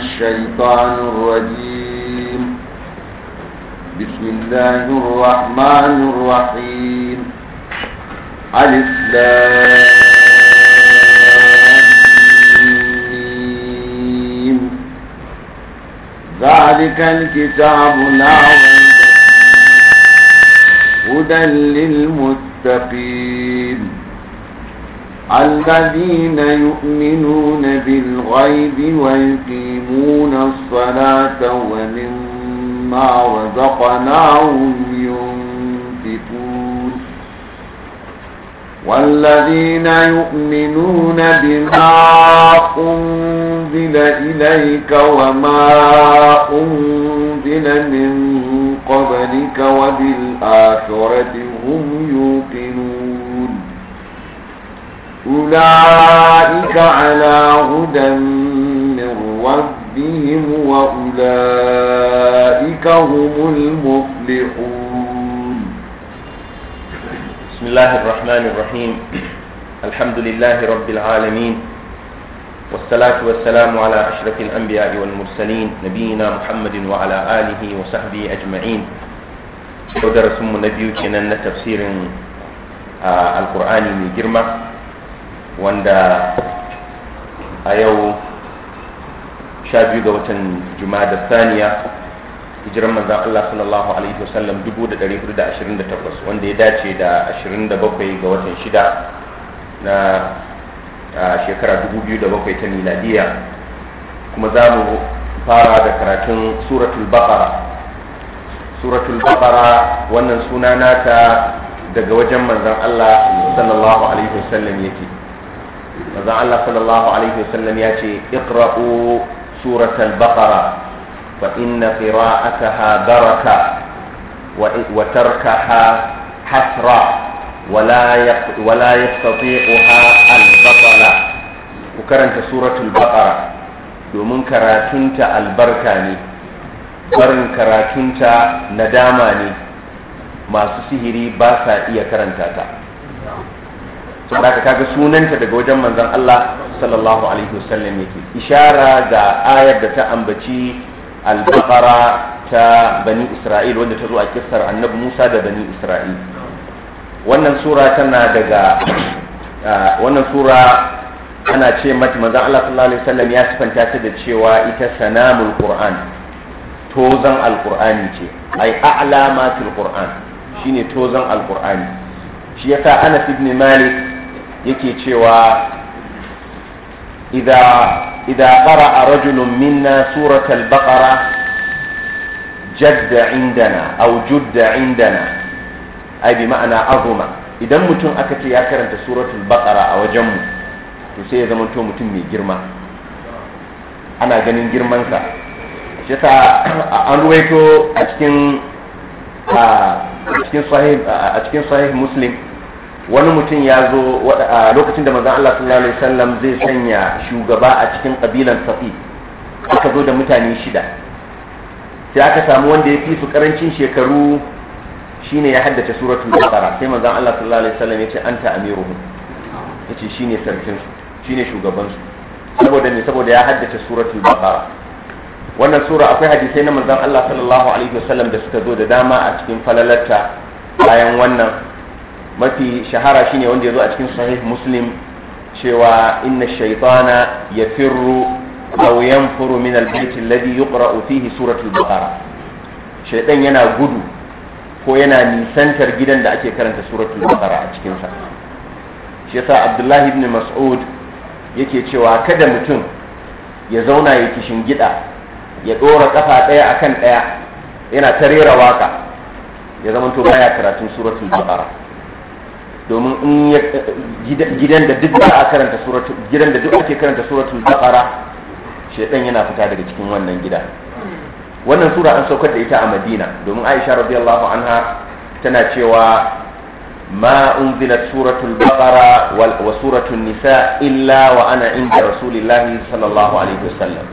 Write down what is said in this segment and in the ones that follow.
الشيطان الرجيم بسم الله الرحمن الرحيم ألف لام ذلك الكتاب لا ريب هدى للمتقين الذين يؤمنون بالغيب ويقيمون الصلاة ومما رزقناهم ينفقون والذين يؤمنون بما أنزل إليك وما أنزل من قبلك وبالآخرة هم يوقنون أولئك على هدى من ربهم وأولئك هم المفلحون بسم الله الرحمن الرحيم الحمد لله رب العالمين والصلاة والسلام على أشرف الأنبياء والمرسلين نبينا محمد وعلى آله وصحبه أجمعين ودرس من نبيو تفسير القرآن من جرمه wanda a yau sha biyu ga watan juma'a da saniya hijiran manzan Allah sallallahu alaihi wasallam 1428 wanda ya dace da 27 ga watan shida na shekara 2007 ta miladiya kuma za mu fara da karatun suratul baqara suratul baqara wannan suna nata daga wajen manzan Allah sallallahu alaihi wasallam yake manzon Allah sallallahu alaihi wasallam ya ce iqra'u surat al-baqara fa inna qira'ataha baraka wa tarkaha hasra ولا يستطيعها البطلة وكرنت سورة البقرة domin karatunta albarka ne barin karatunta nadama ne masu sihiri ba sa iya karanta ta to haka kaga sunanta daga wajen manzon Allah sallallahu alaihi wasallam yake ishara ga ayar da ta ambaci al-baqara ta bani Isra'il wanda ta zo a kissar annabi Musa da bani Isra'il wannan sura tana daga ah, wannan sura ana ce mata manzon Allah sallallahu alaihi wasallam ya sifanta ta da cewa ita sanamul qur'an tozan alqur'ani ce ai a'la qur'an shine tozan alqur'ani shi yasa Anas ibn Malik yake cewa idza a rajulun minna suratal baqara jadda indana aw judda indana ai bi ma'ana azuma idan mutum aka ce ya karanta suratul baqara a wajenmu to sai ya zama to mutum mai girma ana ganin girmansa shi ta an ruwaito a cikin a cikin sahih a cikin sahih muslim wani mutum ya zo a lokacin da mazan Allah sallallahu alaihi wasallam zai sanya shugaba a cikin kabilan safi aka zo da mutane shida sai aka samu wanda ya fi su karancin shekaru shine ya haddace da baqara sai mazan Allah sallallahu alaihi wasallam ya ce anta amiruhum yace shine sarkin su shine shugaban su saboda ne saboda ya haddace da baqara wannan sura akwai hadisai na mazan Allah sallallahu alaihi wasallam da suka zo da dama a cikin falalarta bayan wannan mafi shahara shine wanda ya zo a cikin sahih muslim cewa inna shaitana ya firru aw yanfuru min albayt alladhi yuqra'u fihi suratul baqara shaitan yana gudu ko yana nisantar gidan da ake karanta suratul baqara a cikinsa. shi yasa abdullahi ibn mas'ud yake cewa kada mutum ya zauna ya kishin gida ya ɗora kafa ɗaya akan ɗaya, yana ta rera waka ya zama to baya karatun suratul baqara domin in ya gidan da duk ba karanta suratul gidan da duk ake karanta suratul baqara shedan yana fita daga cikin wannan gida wannan sura an saukar da ita a madina domin aisha radiyallahu anha tana cewa ma unzilat suratul baqara wa suratul nisa illa wa ana inda rasulillahi sallallahu alaihi wasallam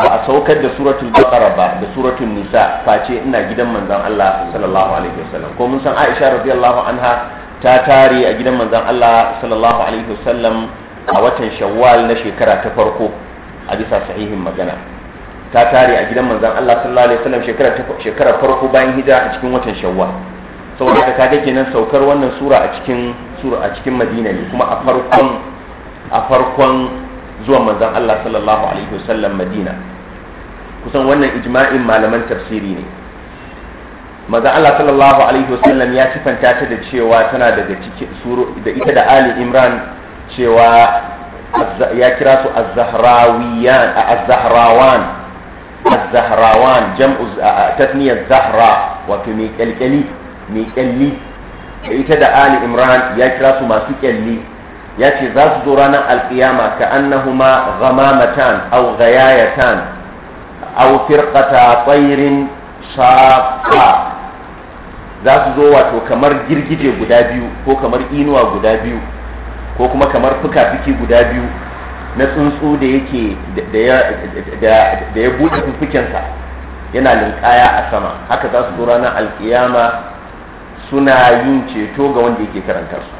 ba a saukar da suratul baqara ba da suratul nisa face ina gidan manzon Allah sallallahu alaihi wasallam ko mun san aisha radiyallahu anha ta tare a gidan manzon Allah sallallahu alaihi wasallam a watan shawwal na shekara ta farko a bisa sahihin magana ta tare a gidan manzon Allah sallallahu alaihi wasallam shekara shekara farko bayan hijira a cikin watan shawwal saboda haka kaga kenan saukar wannan sura a cikin sura a cikin Madina ne kuma a farkon a farkon zuwan manzon Allah sallallahu alaihi wasallam Madina kusan wannan ijma'in malaman tafsiri ne maza Allah sallallahu alaihi wasallam ya sifanta ta da cewa tana daga cikin da ita da Ali Imran cewa ya kira su az-zahrawiyan az-zahrawan az-zahrawan jam'u tasniyat zahra wato mai kalkali mai kalli da ita da Ali Imran ya kira su masu kalli ya ce za su zo ranar alkiyama ka annahuma ghamamatan aw ghayayatan aw firqata tayrin safa za su zo wato kamar girgije guda biyu ko kamar inuwa guda biyu ko kuma kamar fuka-fuki guda biyu na tsuntsu da yake da ya buɗe fukensa yana linkaya a sama haka za su zo ranar alkiyama suna yin ceto ga wanda yake karanta su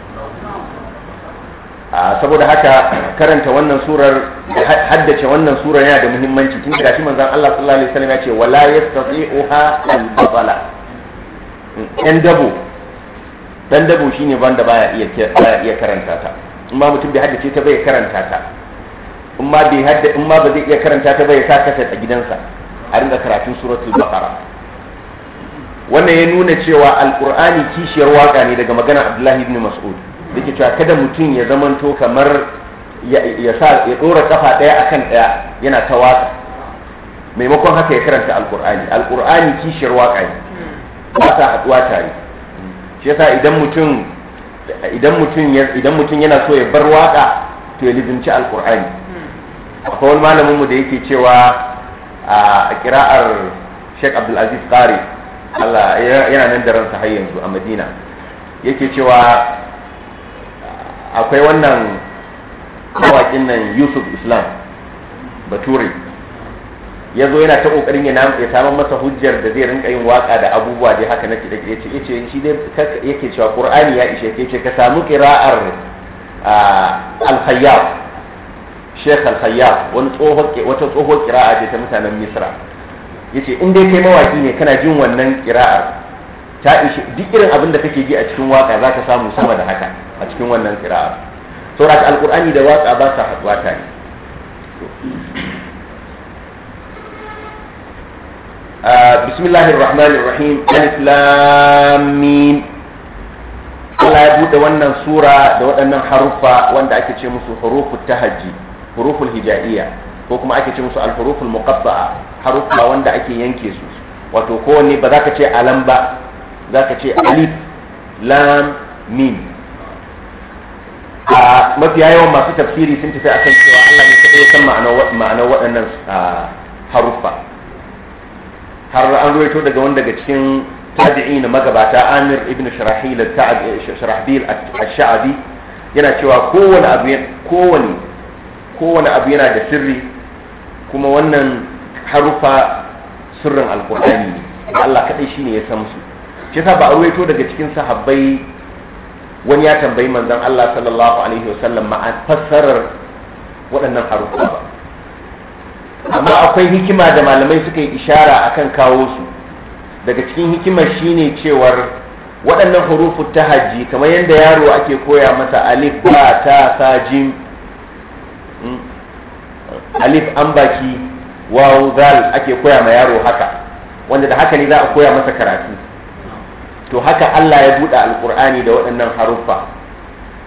saboda haka karanta wannan surar haddace wannan surar yana da muhimmanci tun da shi manzan Allah sallallahu alaihi wasallam ya ce wala yastati'uha al-batala yan dabo dan dabo shine wanda baya iya baya iya karanta ta in ba mutum bai haddace ta bai karanta ta in ma bai hadda in ma ba zai iya karanta ta bai sa kasa a gidansa a ringa karatun suratul baqara wannan ya nuna cewa alqur'ani kishiyar waka ne daga magana abdullahi ibn mas'ud yake cewa kada mutum ya zamanto kamar ya sa ya dora kafa daya akan daya yana ta waka maimakon haka ya karanta alqur'ani alqur'ani kishiyar waka ne ba sa haduwa tare shi yasa idan mutum idan mutum idan mutum yana so ya bar waka to ya lizinci alqur'ani akwai wani malamin mu da yake cewa a kira'ar Sheikh Abdul Aziz Qari Allah yana nan da ransa har yanzu a Madina yake cewa akwai wannan kawakin nan Yusuf Islam Bature ya zo yana ta kokarin ya ya masa hujjar da zai rinka yin waka da abubuwa dai haka na kida ya ce yace shi dai yake cewa qur'ani ya ishe ke ce ka samu qira'ar al-khayyab sheikh al-khayyab wani tsohon wata tsohon qira'a ce ta mutanen misra yace in dai kai mawaki ne kana jin wannan qira'ar ta ishe duk irin abin da kake ji a cikin waka zaka samu sama da haka a cikin wannan qira'ar saboda al-qur'ani da waka ba sa haɗuwa tare بسم الله الرحمن الرحيم ألف لام ميم Allah ya buɗe wannan sura da waɗannan haruffa wanda ake ce musu huruful hajji huruful hijaiya ko kuma ake ce musu al-huruful muqatta'a haruffa wanda ake yanke su wato kowanne ba za ka ce alam ba za ka ce alif lam mim a mafiya yawan masu tafsiri sun tafi akan cewa Allah ne kaɗai ya san ma'anar waɗannan ah, haruffa har an ruwaito daga wanda daga cikin na magabata Amir ibn Sharahil Sharahbil al-Sha'bi yana cewa kowane abu kowane kowane abu yana da sirri kuma wannan harufa sirrin alkur'ani ne Allah kadai shine ya san su shi yasa ba a ruwaito daga cikin sahabbai wani ya tambayi manzon Allah sallallahu alaihi wasallam ma fassarar waɗannan harufa ba amma akwai hikima da malamai suka yi ishara akan kawo su daga cikin hikimar shine cewar waɗannan hurufu ta hajji kamar yadda yaro ake koya masa alif ba ta sa jim hmm, alif an baki wawu zal ake koya ma yaro haka wanda da haka ne za a koya masa karatu to haka Allah ya buɗe alkur'ani da waɗannan haruffa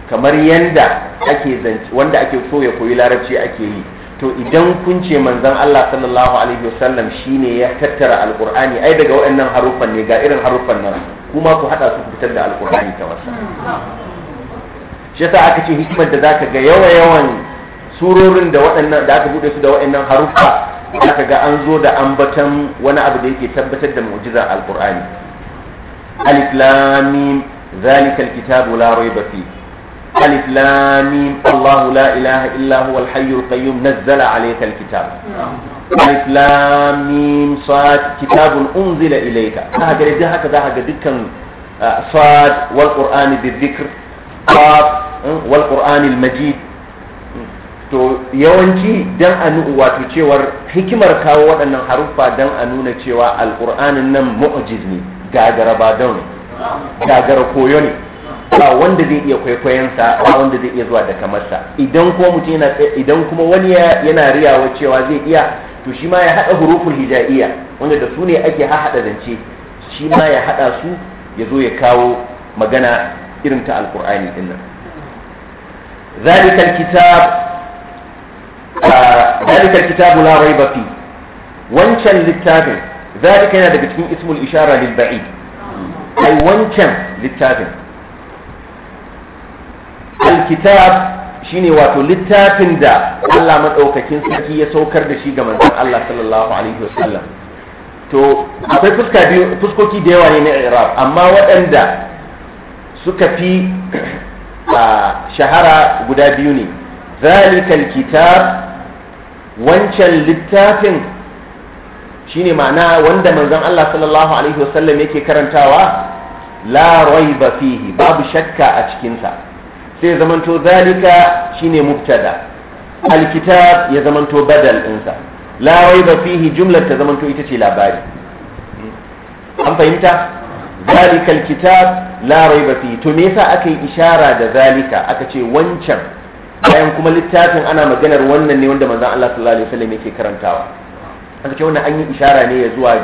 kamar yadda ake wanda ake so ya koyi larabci ake yi to idan kun ce manzon Allah sallallahu alaihi wasallam shine ya tattara alqur'ani ai daga waɗannan harufan ne ga irin harufan nan kuma ku hada su fitar da alqur'ani ta wasa shi yasa aka ce hikimar da zaka ga yawa yawan surorin da waɗannan da aka bude su da waɗannan haruffa zaka ga an zo da ambatan wani abu da yake tabbatar da mu'jizar alqur'ani alif lam mim zalikal kitabu la raiba fihi alif lam Allah la ilaha illa huwa al-hayyul qayyum nazzala alayka al-kitab alif sad kitabun unzila ilayka haka dai haka za dukkan ah, sad wal qur'ani bidhikr qaf hmm, wal qur'ani al-majid to yawanci dan a wato cewar hikimar kawo waɗannan haruffa dan a nuna cewa alƙur'anin nan mu'jiz ne gagara ba don gagara koyo ne ba wanda zai iya sa ba wanda zai iya zuwa da kamarsa idan kuma mutum yana idan kuma wani yana riyawa cewa zai iya to shi ma ya hada huruful hijaiya wanda da su ne ake hada zance shi ma ya hada su ya zo ya kawo magana irin ta alqur'ani din nan ذلك الكتاب ذلك wancan littafin ذلك yana daga cikin ismul ishara ba'id ai wancan littafin alkitab shine wato littafin da Allah madaukakin sarki ya saukar da shi ga manzon Allah sallallahu alaihi wasallam to akwai fuska fuskoki da yawa ne na i'rab amma waɗanda suka fi a shahara guda biyu ne zalikal kitab wancan littafin shine ma'ana wanda manzon Allah sallallahu alaihi wasallam yake karantawa la raiba fihi babu shakka a cikinsa sai zamanto zalika shine mubtada alkitab ya zamanto badal ɗinsa la raiba fihi jumlar ta zamanto ita ce labari an fahimta zalika alkitab la raiba fihi to me yasa aka yi ishara da zalika aka ce wancan bayan kuma littafin ana maganar wannan ne wanda manzon Allah sallallahu alaihi wasallam yake karantawa aka ce wannan an yi ishara ne ya zuwa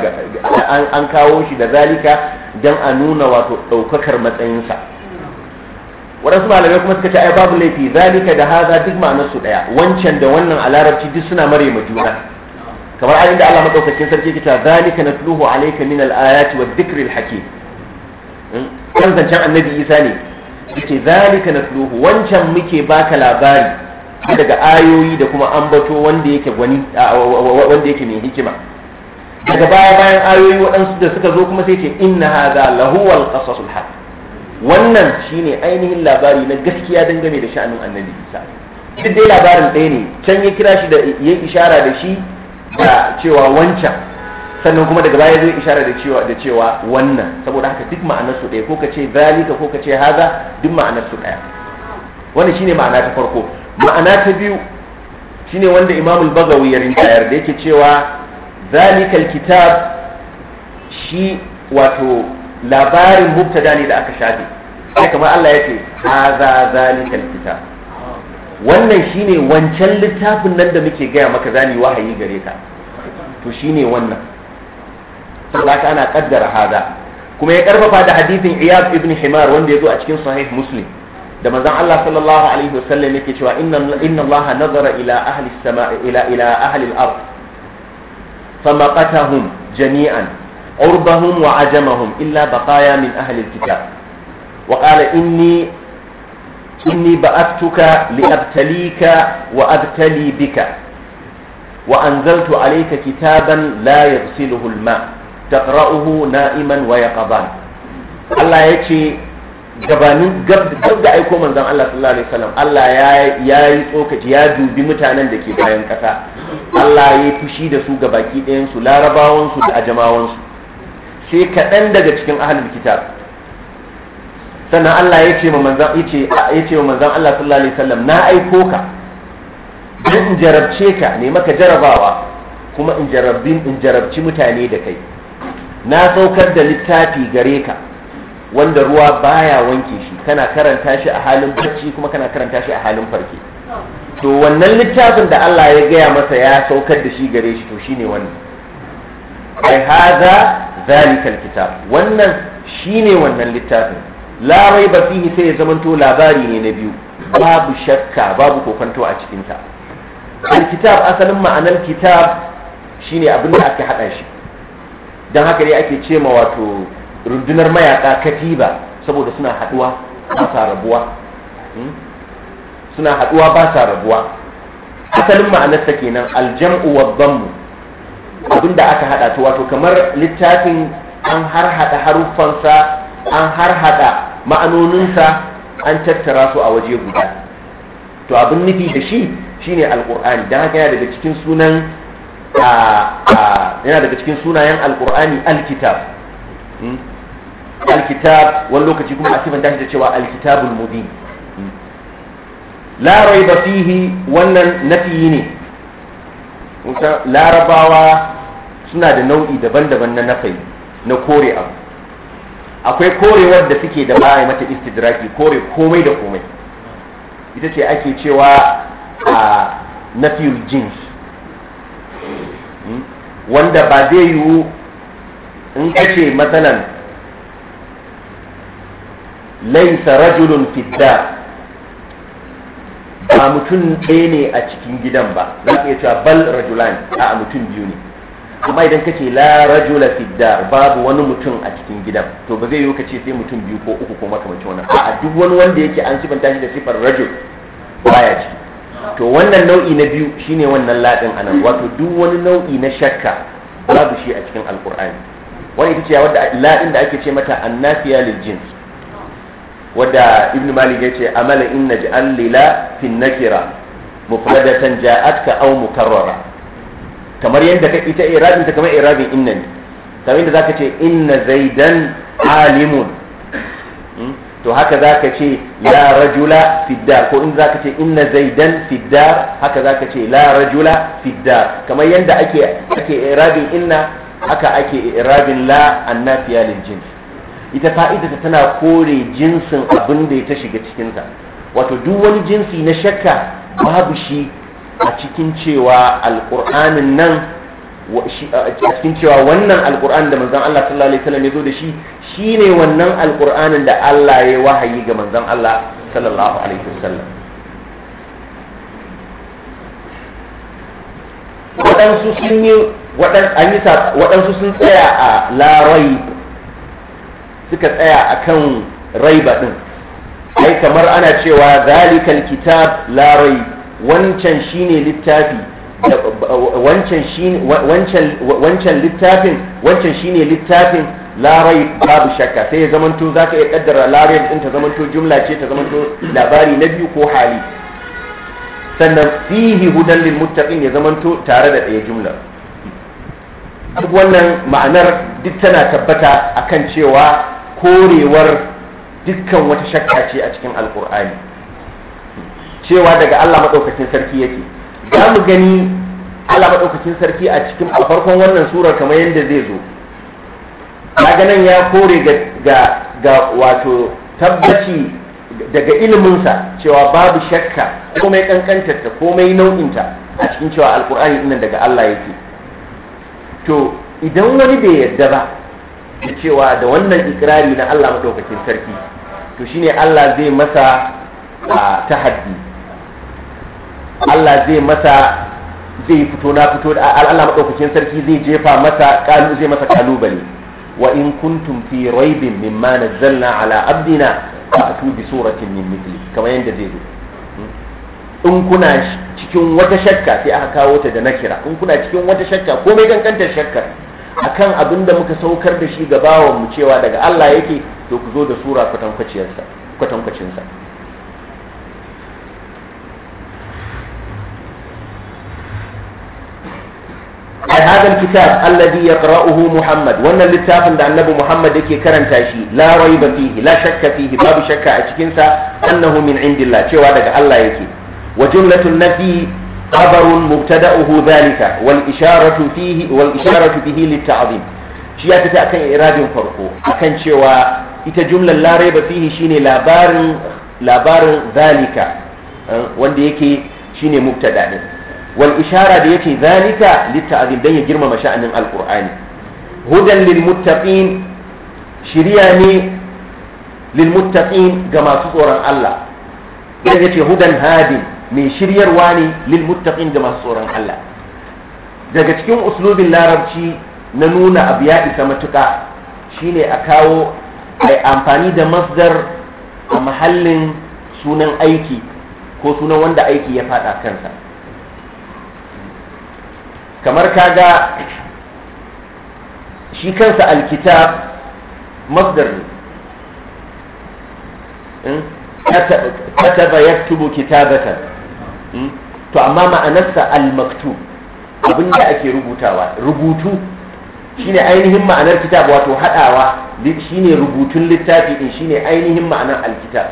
an kawo shi da zalika dan a nuna wato ɗaukakar matsayinsa waɗansu malamai kuma suka ce ai babu laifi zalika da haza duk ma'anar su daya wancan da wannan a larabci duk suna mare ma juna kamar ayin da Allah madaukakin sarki ke zalika natluhu alayka min al-ayati wa dhikril hakim hmm? kan zancen annabi Isa ne yace zalika natluhu wancan muke baka labari daga ayoyi da kuma ambato wanda yake gwani wanda yake mai hikima daga baya bayan ayoyi waɗansu da suka zo kuma sai ce inna hadha lahuwal qasasul haq wannan shine ainihin labari na gaskiya dangane da sha'anin annabi isa duk dai labarin ɗaya ne can ya kira shi da ya ishara da shi da cewa wancan sannan kuma daga baya zai ishara da cewa da cewa wannan saboda haka duk ma'anar su ɗaya ko ka ce zalika ko ka ce haza duk ma'anar su ɗaya wannan shine ma'ana ta farko ma'ana ta biyu shine wanda imamul bagawi ya rinjayar da yake cewa zalikal kitab shi wato labarin mubtada ne da aka shafe sai kamar Allah ya ce haza zalikal kitab wannan shine wancan littafin nan da muke gaya maka zani wahayi gare ka to shine wannan saboda ana kaddara haza kuma ya karfafa da hadisin Iyad ibn Himar wanda ya zo a cikin sahih Muslim da manzon Allah sallallahu alaihi wasallam yake cewa inna inna Allah nazara ila ahli as-sama' ila ila ahli al-ard famaqatahum jami'an عربهم وعجمهم إلا بقايا من أهل الكتاب وقال إني إني بعثتك لأبتليك وأبتلي بك وأنزلت عليك كتابا لا يغسله الماء تقرأه نائما ويقظان الله يجي gabanin gab da aiko manzon Allah sallallahu alaihi wasallam Allah ya yi tsokaci ya dubi mutanen da ke bayan kasa Allah ya yi fushi da su gabaki ɗayan su larabawan su da ajamawan su sai kaɗan daga cikin ahalin kitab sannan Allah ya ce wa manzan Allah sallallahu alaihi wasallam na aiko ka don in jarabce ka ne maka jarabawa kuma in jarabin in jarabci mutane da kai na saukar da littafi gare ka wanda ruwa baya wanke shi kana karanta shi a halin bacci kuma kana karanta shi a halin farke to wannan littafin da Allah ya gaya masa ya saukar da shi gare shi to shine wannan ai hada ذلك kitab wannan shine wannan littafin la raiba fihi sai ya zamanto labari ne na biyu babu shakka babu kokanto a cikin ta alkitab asalin ma'anar kitab shine abin da ake hada shi dan haka ne ake ce ma wato rundunar mayaka katiba saboda suna haduwa ba sa rabuwa suna haduwa ba sa rabuwa asalin ma'anarsa kenan aljam'u wadh dhammu Abin da aka hada to wato kamar littafin an har hada haruffansa an har hada ma'anoninsa an tattara su a waje guda to abin nufi da shi shine alqur'ani dan haka yana daga cikin sunan yana daga cikin sunayen alqur'ani alkitab hmm? alkitab wani lokaci kuma a sifanta shi da cewa alkitabul mubin hmm? la raiba fihi wannan nafiyi ne larabawa suna da nau'i daban-daban na nafai na kore abu akwai korewar da suke da ba mata istidraki kore komai da komai ita ce ake cewa a nafiyar jins hmm? wanda ba zai yiwu in kace matsalan laisa rajulun fidda ba mutum ɗaya ne a cikin gidan ba za ka iya cewa bal rajulan a mutum biyu ne amma idan kace la rajula fi dar babu wani mutum a cikin gidan to ba zai yi kace sai mutum biyu ko uku ko makamancin wannan a'a duk wani wanda yake an sifanta shi da sifar rajul baya ci to wannan nau'i na biyu shine wannan ladin anan wato duk wani nau'i na shakka babu shi a cikin alqur'ani wani ita ce wadda ladin da ake ce mata annafiya lil jins wadda ibn malik yace amala inna ja'al lila fi nakira mufradatan ja'atka aw mukarrara kamar yadda ka ita irabin ta kamar irabin inna ne kamar yadda zaka ce inna zaidan alimun hmm? to haka zaka ce la rajula fiddar ko in zaka ce inna zaidan fi dar haka zaka ce la rajula fiddar kamar yadda ake ake irabin inna haka ake irabin la annafiya lil jins ita ta tana kore jinsin abin da ya ta shiga cikinsa wato duk wani jinsi na shakka babu shi a cikin cewa alƙur'anin nan a cikin cewa wannan alƙur'an da manzon Allah sallallahu alaihi wasallam ya zo da shi shine wannan alƙur'anin da Allah ya wahayi ga manzon Allah sallallahu alaihi wasallam waɗansu sun yi waɗansu sun tsaya a larai suka tsaya a kan raiba ɗin ai kamar ana cewa zalikal kitab larai wancan shine littafi wancan littafin wancan shine littafin larai babu shakka sai ya zamanto ka iya kaddara larai din ta zamanto jumla ce ta zamanto labari na biyu ko hali sannan fihi hudan lil muttaqin ya zamanto tare da ɗaya jumla duk wannan ma'anar duk tana tabbata akan cewa korewar dukkan wata shakka ce a cikin alkur'ani cewa daga Allah maɗaukacin sarki yake za mu gani Allah maɗaukacin sarki a cikin a farkon wannan surar kamar yadda zai zo Na maganan ya kore ga wato tabbaci daga iliminsa cewa babu shakka komai kankantarta komai nau'inta a cikin cewa alkur'ani dinnan daga Allah yake to idan wani bai yarda ba da cewa da wannan ikirari na Allah maɗaukacin sarki to shine Allah zai masa ah, tahaddi Allah zai masa zai fito na fito Allah madaukakin sarki zai jefa masa kalu zai masa kalubale wa in kuntum fi raibin mimma nazzalna ala abdina fa'tu bi suratin min mithli kamar yanda zai zo in kuna cikin wata shakka sai aka kawo ta da nakira in kuna cikin wata shakka ko mai kankantar shakka akan abin da muka saukar da shi ga bawan mu cewa daga Allah yake to ku zo da sura kwatankwaciyarsa kwatankwacinsa ai hadal kitab alladhi yaqra'uhu muhammad wannan littafin da annabi muhammad yake karanta shi la raiba fihi la shakka fihi babu shakka a cikin sa annahu min indillah cewa daga Allah yake wa jumlatun nafi qabarun mubtada'uhu dhalika wal isharatu fihi wal isharatu bihi litta'zim shi ya tafi akan iradin farko akan cewa ita jumlar la raiba fihi shine labarin labarin dhalika eh, wanda yake shine mubtada din wal ishara da yace zalika litta'zim dan ya girmama sha'anin alqur'ani hudan lil muttaqin shiriya ne lil muttaqin ga masu tsoron Allah dan yace hudan hadin mai shiryarwa ne lil muttaqin ga masu tsoron Allah daga cikin uslubin larabci na nuna abu ya isa matuƙa shine a kawo ai amfani da masdar a mahallin sunan aiki ko sunan wanda aiki ya faɗa kansa kamar kaga shi kansa alkitab masdar ne hmm? kataba yaktubu kitabatan hmm? to amma ma'anarsa al-maktub abin da ake rubutawa rubutu shine ainihin ma'anar kitab wato hadawa shine rubutun littafi din shine ainihin ma'anar alkitab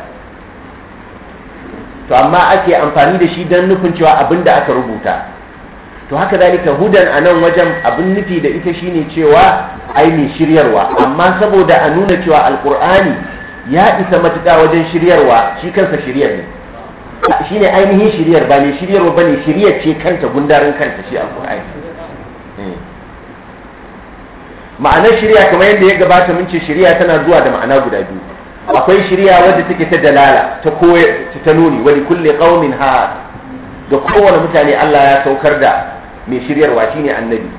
to amma ake amfani da shi don nufin cewa abin da aka rubuta to haka zalika hudan a nan wajen abin nufi da ita shine cewa ai mai shiryarwa amma saboda a nuna cewa alkur'ani ya isa matuƙa wajen shiryarwa shi kansa shiryar ne shi ne ainihin shiryar ba ne shiryarwa ba ne shiryar ce kanta gundarin kanta shi alkur'ani eh. ma'anar shirya kamar yadda ya gabata mun ce shirya tana zuwa da ma'ana guda biyu akwai shirya wadda take ta dalala ta koyar ta nuni wani kulle kaumin ha ga kowane mutane Allah ya saukar da mai shiryarwa shine annabi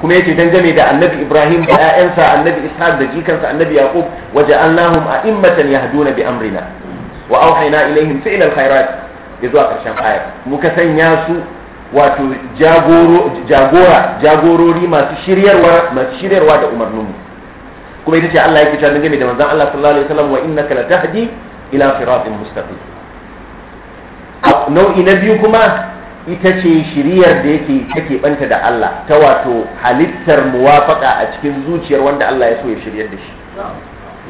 kuma yace dangane da annabi Ibrahim da ƴaƴansa annabi Ishaq da jikansa annabi Yaqub waja'alnahum a'immatan yahduna bi amrina wa auhayna ilaihim fi'lal khairat zuwa karshen ayar muka sanya su wato jagora jagorori masu shiryarwa masu shiryarwa da umarninmu kuma ita ce Allah yake cewa game da manzon Allah sallallahu alaihi wasallam wa innaka latahdi ila siratin mustaqim nau'i na biyu kuma ita ce shiriyar da yake take banta da Allah ta wato halittar muwafaka a cikin zuciyar wanda Allah ya so ya shiryar da shi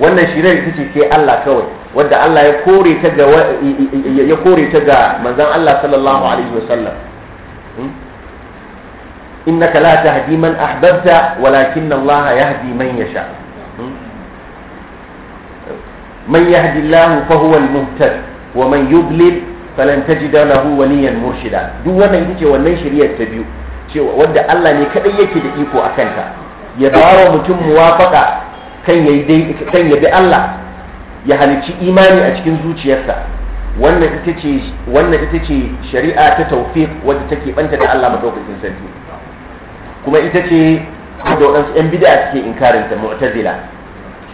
wannan shiriyar ita ce ke Allah kawai wanda Allah ya kore ta ga ya kore ta ga manzon Allah sallallahu alaihi wasallam hmm? innaka la tahdi man ahbabta walakin Allah yahdi man yasha hmm? man yahdi Allah fa huwa al-muhtad wa man yudlil falan tajida lahu waliyan murshida duk wannan ita ce wannan shari'ar ta biyu cewa wanda Allah ne kadai yake da iko a kanta ya bawa mutum muwafaka kan ya kan ya bi Allah ya halicci imani a cikin zuciyarsa wannan ita ce wannan shari'a ta tawfiq wadda take banta da Allah madaukakin sarki kuma ita ce da waɗansu 'yan bid'a suke inkarin ta mu'tazila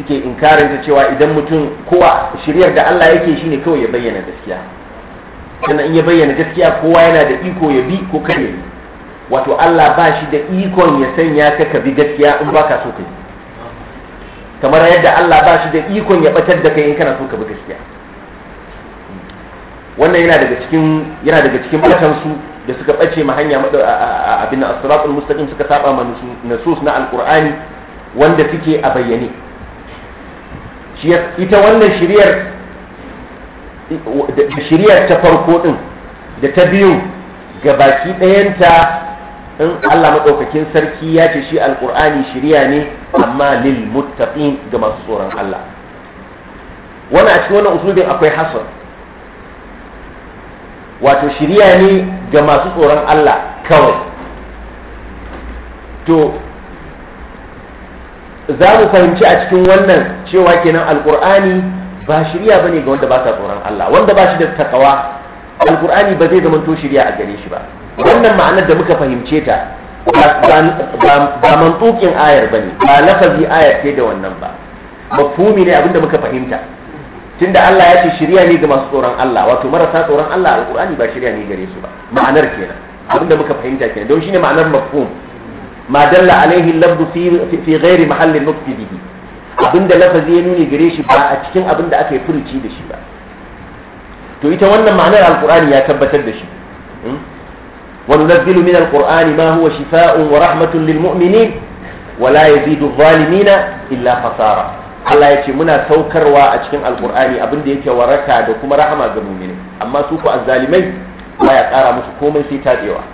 suke inkarin ta cewa idan mutum kowa shiriyar da Allah yake shine kawai ya bayyana gaskiya sannan in ya bayyana gaskiya kowa yana da iko ya bi ko kare wato Allah ba shi da ikon ya sanya ka ka bi gaskiya in baka so ka kamar yadda Allah ba shi da ikon ya batar da kai in kana so ka bi gaskiya wannan yana daga cikin yana daga cikin batan su da suka bace ma hanya abin as-siratul mustaqim suka saba ma nusus na alqur'ani wanda suke a bayyane ita wannan shiriyar da ta farko din da ta biyu ga baki ɗayanta in Allah maɗaukakin sarki ya ce shi alƙur'ani shiriya ne amma lil muttaqin ga masu tsoron Allah wani a cikin wannan usulin akwai hasar wato shirya ne ga masu tsoron Allah kawai to za mu fahimci a cikin wannan cewa kenan alƙur'ani ba shiriya ne ga wanda ba sa tsoron Allah wanda ba shi da takawa alkur'ani ba zai zamanto shiriya a gare shi ba wannan ma'anar da muka fahimce ta ba mantukin ayar ba ne ba lafazi ayar ce da wannan ba mafhumi ne abinda muka fahimta tunda Allah ya ce shirya ne ga masu tsoron Allah wato marasa tsoron Allah alkur'ani ba shirya ne gare su ba ma'anar kenan abinda muka fahimta kenan don shine ma'anar mafhum ma dalla alaihi fi fi ghairi mahallin nutfi bihi Abin abinda lafazi ya nuni gare shi ba a cikin abin da aka yi furuci da shi ba to ita wannan ma'anar alqur'ani ya tabbatar da shi وننزل من القرآن ما هو rahmatun ورحمة للمؤمنين ولا duk الظالمين illa fasara. Allah ya ce muna saukarwa a cikin alkur'ani abin da yake waraka da kuma rahama ga mumini amma su ku azzalimai ba ya kara musu komai sai tadewa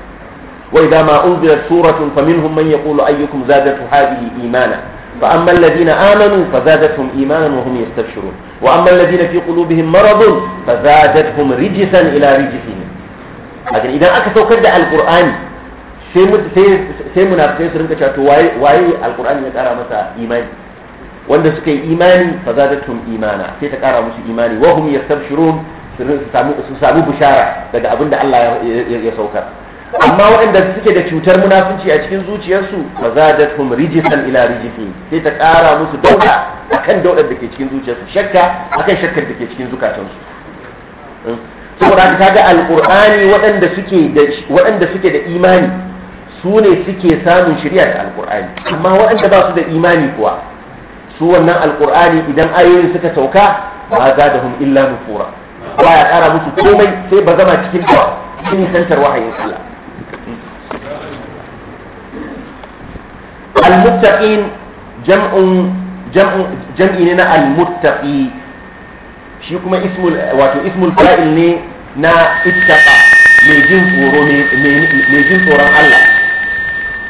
wa idza ma unzilat suratun faminhum man yaqulu ayyukum zadatu hadhihi imana فأما الذين آمنوا فزادتهم إيمانا وهم يستبشرون وأما الذين في قلوبهم مرض فزادتهم رجسا إلى رجسهم لكن إذا أكثر كد القرآن sai munafikai su rinka cato waye alkur'ani ya kara masa imani wanda suka yi imani fa zadatum imana sai ta kara musu imani wa ya yastabshirun su sami bishara daga abin da Allah ya saukar amma waɗanda suke da cutar munafunci a cikin zuciyarsu da zadatum rijisan ila rijifi sai ta ƙara musu dauka akan daular da ke cikin zuciyarsu shakka akan shakkar da ke cikin zukatansu hmm. saboda ta ga Alƙur'ani waɗanda suke da imani su ne suke samun shirya da Alƙur'ani. amma waɗanda ba su da imani kuwa su wannan Alƙur'ani idan ayoyin suka sauka ba za da illa nufura ba ya ƙara musu komai sai ba zama cikin dawa sun nisantar wahayin Allah al-muttaqin jam'un jam'i ne na al-muttaqi shi kuma ismul wato ismul fa'il ne na ittaqa mai jin tsoron Allah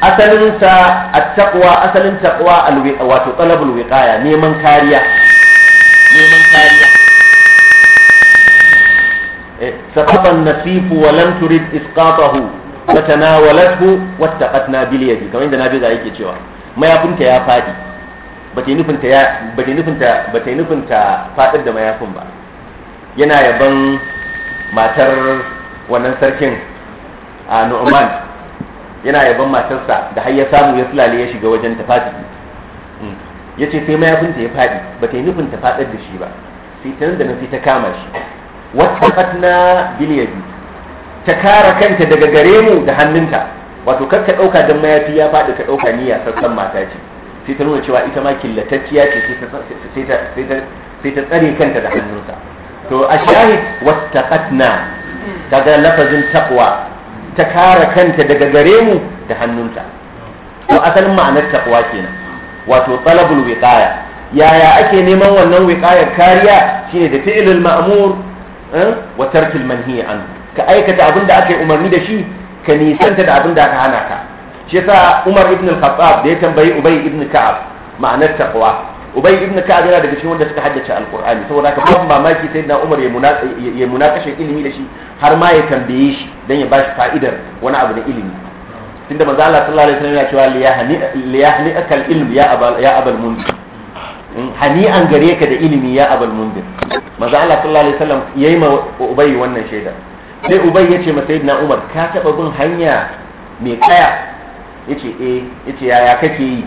asalin sa at-taqwa asalin taqwa wato talabul neman kariya neman nasifu wa lam wa tanawalathu wattaqatna bil kamar yadda nabi da yake cewa mayafinta ya fadi bata yi nufinta ya bata yi nufinta bata yi nufinta fadar da mayafin ba yana yaban matar wannan sarkin a Nu'man yana yaban matarsa da har ya samu ya sulale ya shiga wajen ta fadi hmm. yace sai mayafinta ya fadi bata yi nufinta fadar da shi ba sai ta da nan sai ta kama shi wattaqatna bil yadi ta kara kanta daga gare mu da hannunta wato kar ka ɗauka don mayafi ya faɗi ka ɗauka niyya sassan mata ce sai ta nuna cewa ita ma killatacciya ce sai ta tsare kanta da hannunta, to a shahid wattaqatna daga lafazin taqwa ta kara kanta daga gare mu da hannunta to asalin ma'anar taqwa kenan wato talabul wiqaya yaya ake neman wannan wiqayar kariya shine da fi'lul ma'mur eh, wa tarkil manhi anhu ka aikata abin da aka yi umarni da shi ka nisanta da abin da aka hana ka shi yasa Umar ibn al-Khattab da ya tambayi Ubay ibn Ka'ab ma'anar taqwa Ubay ibn Ka'ab yana daga cikin wanda suka haddace Al-Qur'ani saboda haka babu mamaki sai da Umar ya munakashe ilimi da shi har ma ya tambaye shi dan ya bashi fa'idar wani abu da ilimi tunda manzo Allah sallallahu alaihi wasallam ya cewa liyahni akal ilm ya abal ya abal mundir hmm, hani'an gare ka da ilimi ya abal mundir manzo Allah sallallahu alaihi wasallam yayi ma Ubay wannan shaidar. sai ubai ya ce ma sayyidina umar ka taba bin hanya mai kaya yace eh yace yaya kake yi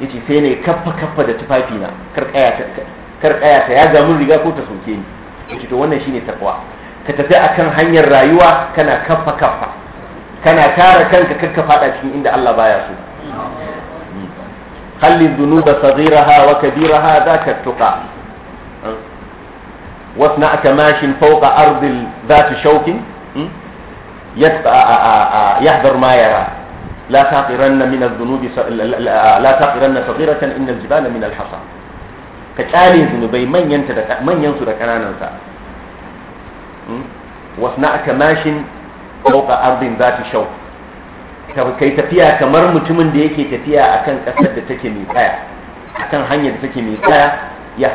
yace sai ne kaffa kaffa da tufafi na kar kaya ta ya ga mun riga ko ta soke ni yace to wannan shine takwa ka tafi akan hanyar rayuwa kana kaffa kaffa kana tara kanka kakka fada cikin inda Allah baya so خلي الذنوب صغيرها za ka التقى واصنع كماش فوق أرض ذات شوك يحذر ما يرى لا تقرن من الذنوب لا تقرن صغيرة إن الجبال من الحصى كتالي ذنوبي من ينتدك من ينصر كنانا واصنع كماش فوق أرض ذات شوك kai tafiya kamar mutumin da yake tafiya akan kasar da take mai tsaya akan hanyar da take mai tsaya ya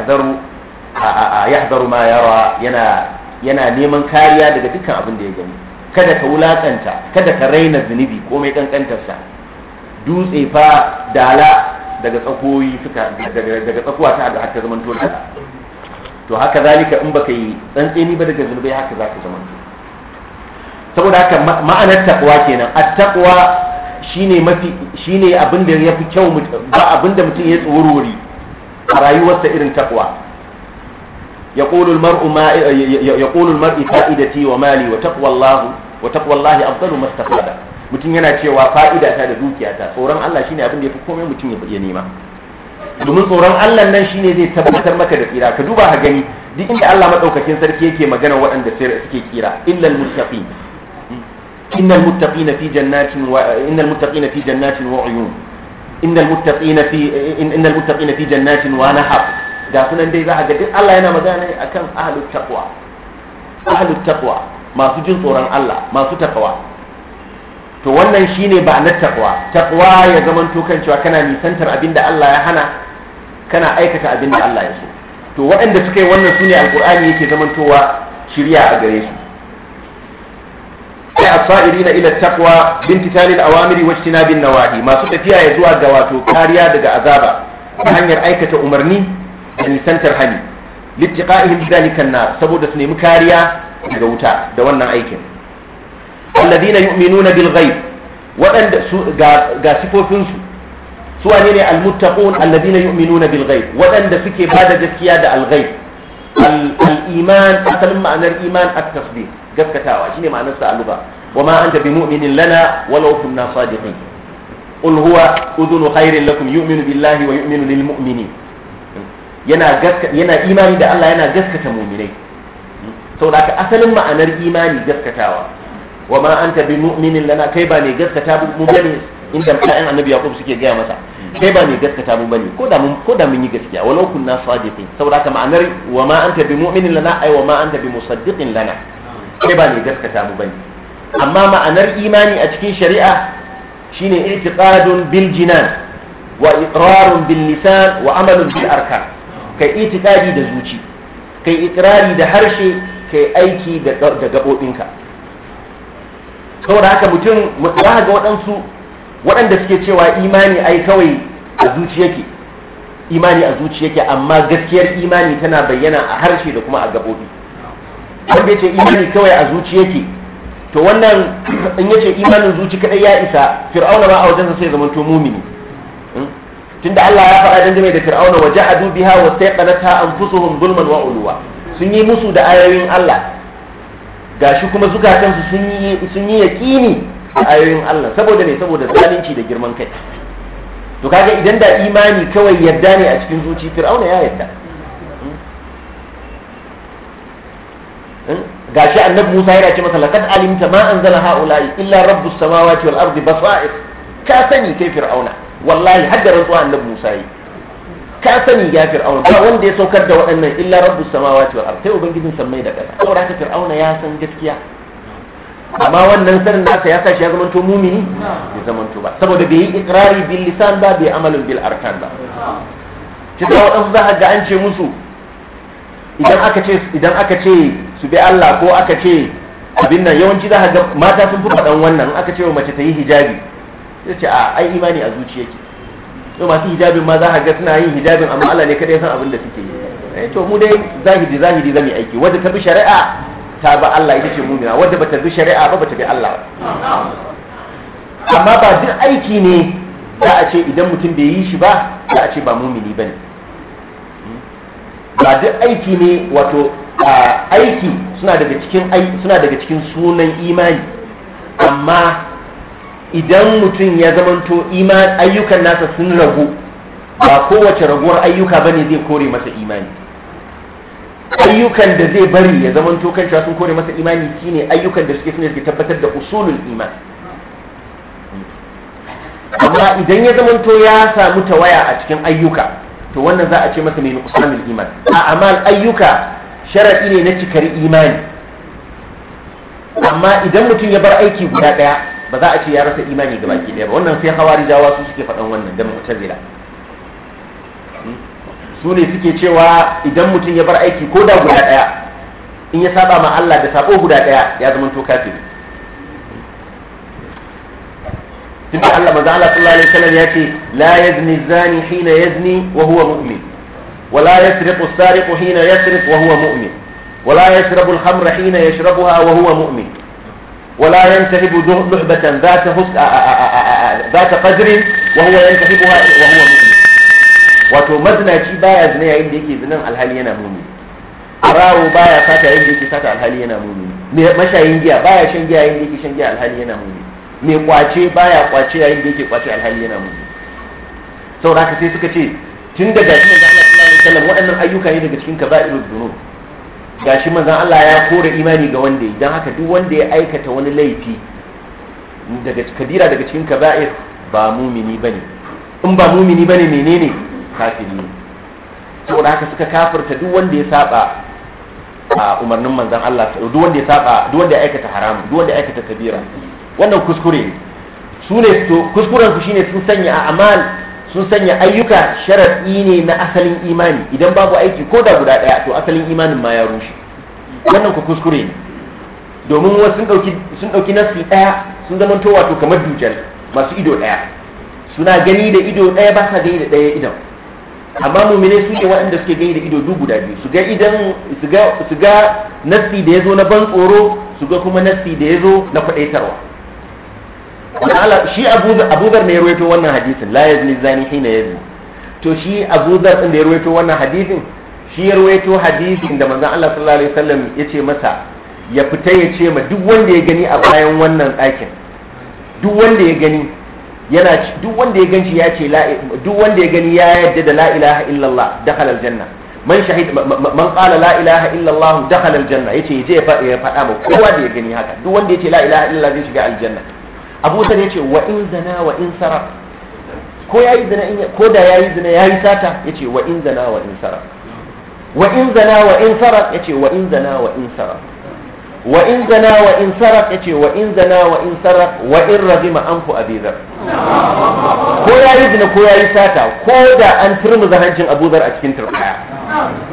a yahdaru ma yara yana yana neman kariya daga dukkan abin da ya gani kada ka wulaƙanta, kada ka raina zunubi komai kankantarsa dutse fa dala daga tsakoyi suka daga tsakuwa ta da hatta zaman tola to haka zalika in baka yi tsantseni ba daga zunubai haka za ka zama saboda haka ma'anar takwa kenan at-taqwa shine mafi shine abin da ya fi kyau ba abin da mutum ya tsorori a rayuwarsa irin takuwa يقول المرء ما يقول المرء فائدتي ومالي وتقوى الله وتقوى الله افضل ما استفاد mutum yana cewa fa'ida ta da dukiya ta tsoron Allah shine abin da yafi komai mutum ya nema domin tsoron Allah nan shine zai tabbatar maka da tsira ka duba ka gani duk inda Allah madaukakin sarki yake magana waɗanda suke kira illal muttaqin innal fi jannatin wa innal fi jannatin wa uyun innal fi innal fi jannatin wa ga sunan dai za a ga duk Allah yana magana ne akan ahlut taqwa ahlut taqwa masu jin tsoron Allah masu taqwa to wannan shine ba na taqwa taqwa ya zaman to kan cewa kana nisantar abinda Allah ya hana kana aikata abinda Allah ya so to waɗanda suka yi wannan sune alqur'ani yake zamantowa shirya a gare su sai asa'irina ila taqwa bintitalil awamiri binna nawahi masu tafiya ya zuwa ga wato kariya daga azaba ta hanyar aikata umarni da nisantar hani littiqa'ihim bidhalika na saboda su nemi kariya daga wuta da wannan aikin alladhina yu'minuna bil ghaib waɗanda su ga sifofin su su wane ne almuttaqun alladhina yu'minuna bil ghaib waɗanda suke bada gaskiya da al ghaib al iman asalin ma'anar iman at tasdiq gaskatawa shine ma'anar sa aluba wama anta bimu'minin lana walau kunna sadiqin qul huwa udhunu khairin lakum yu'minu billahi wa yu'minu lil mu'minin yana imani da Allah yana gaskata mu'minai saboda haka asalin ma'anar imani gaskatawa wa ma anta bi mu'minin lana kai ba ne gaskata mu bane inda mutanen annabi ya yaqub suke gaya masa kai ba ne gaskata mu bane ko da mun yi gaskiya walau kunna sadiqin saboda haka ma'anar wa ma an bi mu'minin lana ai wa ma anta bi musaddiqin lana kai ba ne gaskata mu bane amma ma'anar imani a cikin shari'a shine i'tiqadun bil jinan wa iqrarun bil lisan wa amalun bil arkan kai itikadi da zuci kai ikirari da harshe kai aiki da gaɓoɓinka saboda haka mutum mutuwa ga waɗansu waɗanda suke cewa imani ai kawai a zuci yake imani a zuci yake amma gaskiyar imani tana bayyana a harshe da kuma a gaɓoɓi wanda ya ce imani kawai a zuci yake to wannan in yace imanin zuci kaɗai ya isa fir'auna ma a wajensa sai zamanto mumini tunda Allah ya faɗa dangane da fir'auna wa jahadu biha wa sayqanata anfusuhum zulman wa uluwa sun yi musu da ayoyin Allah gashi kuma zukatansu sun yi sun yi yaqini da ayoyin Allah saboda ne saboda zalunci da girman kai to kaga idan da imani kawai yarda ne a cikin zuci fir'auna ya yarda hmm? gashi annabi Musa ya ce masa laqad alimta ma anzala haula'i illa rabbus samawati wal ardi basair ka sani kai fir'auna wallahi hadda rantsuwa annabi Musa yi ka sani ya fir'auna ba wanda ya saukar da waɗannan illa rabbus samawati wal ardh sai ubangijin sammai da ƙasa saboda haka fir'auna ya san gaskiya amma wannan sanin nasa ya sashi ya zamanto mumini ya zamanto ba saboda bai yi ikrari bil lisan ba bai amalin bil arkan ba ki da waɗansu za a ga an ce musu idan aka ce idan aka ce su bi Allah ko aka ce abin nan yawanci za a ga mata sun fi faɗan wannan aka ce wa mace ta yi hijabi ya ce a ai imani a zuci yake to masu hijabin ma za a ga suna yin hijabin amma Allah ne kada ya san abin da suke yi eh, to mu dai zahidi zan yi aiki wanda ta bi shari'a ta ba Allah ita ce mumina wanda bata bi shari'a ba bata bi Allah amma ba duk aiki ne za a ce idan mutum bai yi shi ba za a ce ba mumini bane ba duk aiki ne wato aiki suna daga cikin suna daga cikin sunan imani amma idan mutum ya zamanto iman ayyukan nasa sun ragu ba kowace raguwar ayyuka bane zai kore masa imani ayyukan da zai bari ya zamanto kan cewa sun kore masa imani shine ayyukan da suke suna da tabbatar da usulul iman amma idan ya zamanto ya samu tawaya a cikin ayyuka to wannan za a ce masa mai nuqsanul iman a amal ayyuka sharadi ne na cikar imani amma idan mutum ya bar aiki guda daya ba za a ce ya rasa imani ga baki daya ba wannan sai hawari dawa su suke faɗan wannan da mu'tazila hmm? su ne suke cewa idan mutum ya bar aiki ko da guda ɗaya in ya saba ma Allah da sabo guda ɗaya ya zama to kafiri tunda Allah manzo Allah sallallahu alaihi wasallam ya ce la yazni zani hina yazni wa huwa mu'min wa la yasriqu as-sariqu hina yasriq wa huwa mu'min wa la yashrabu al-khamra hina yashrabuha wa huwa mu'min ولا ينتهب لعبة ذات ذات قدر وهو ينتهبها وهو مؤمن wato mazinaci baya zina yayin da yake zinan alhali yana mumi arawo baya fata yayin da yake fata alhali yana mumi mashayin giya baya shan giya yayin da yake shan giya alhali yana mumi mai kwace baya kwace yayin da yake kwace alhali yana mumi saboda haka sai suka ce tun daga shi manzo Allah sallallahu alaihi wasallam waɗannan ayyuka ne daga cikin kaba'irud dhunub gashi manzon Allah ya kore imani ga wanda ya haka duk wanda ya aikata wani laifi daga kabira daga cikin kaba'ir ba mumini bane in ba mumini bane menene kafiri ne da haka suka kafirta duk wanda ya saba a umarnin manzon Allah duk wanda ya saba duk wanda ya aikata haram duk wanda ya aikata kabira wannan kuskure ne su ne to kuskuren su shine sun sanya a amal sun sanya ayyuka sharaɗi ne na asalin imani idan babu aiki ko da guda ɗaya to asalin imanin ma ya rushe wannan ku kuskure ne domin wasu sun ɗauki nassi ɗaya sun zama to wato kamar dujal masu ido ɗaya suna gani da ido ɗaya ba sa gani da ɗaya idan amma mumine su ne waɗanda suke gani da ido duk guda biyu su ga idan su ga da ya zo na ban tsoro su ga kuma nassi da ya zo na faɗaitarwa shi abubuwar ne ya ruwaito wannan hadisin la ya zini zani hina zini to shi abubuwar din da ya ruwaito wannan hadisin shi ya ruwaito hadisin da manzon Allah sallallahu alaihi wasallam ya ce masa ya fita ya ce ma duk wanda ya gani a bayan wannan ɗakin duk wanda ya gani yana duk wanda ya ganci ya ce duk wanda ya gani ya yadda da la ilaha illallah dakhala aljanna man shahid man qala la ilaha illallah dakhala aljanna yace je ya faɗa ma kowa da ya gani haka duk wanda ya ce la ilaha illallah zai shiga aljanna abu zan ya ce wa in zana wa in sara ko ya yi zina ko da ya yi zina ya yi sata ya ce wa in zana wa in sara wa in zana wa in sara ya ce wa in zana wa in sara wa in zana wa in sara ya ce wa in zana wa in sara wa in razima anfu abizar ko ya yi zina ko ya yi sata ko da an turmuza hancin abuzar a cikin turbaya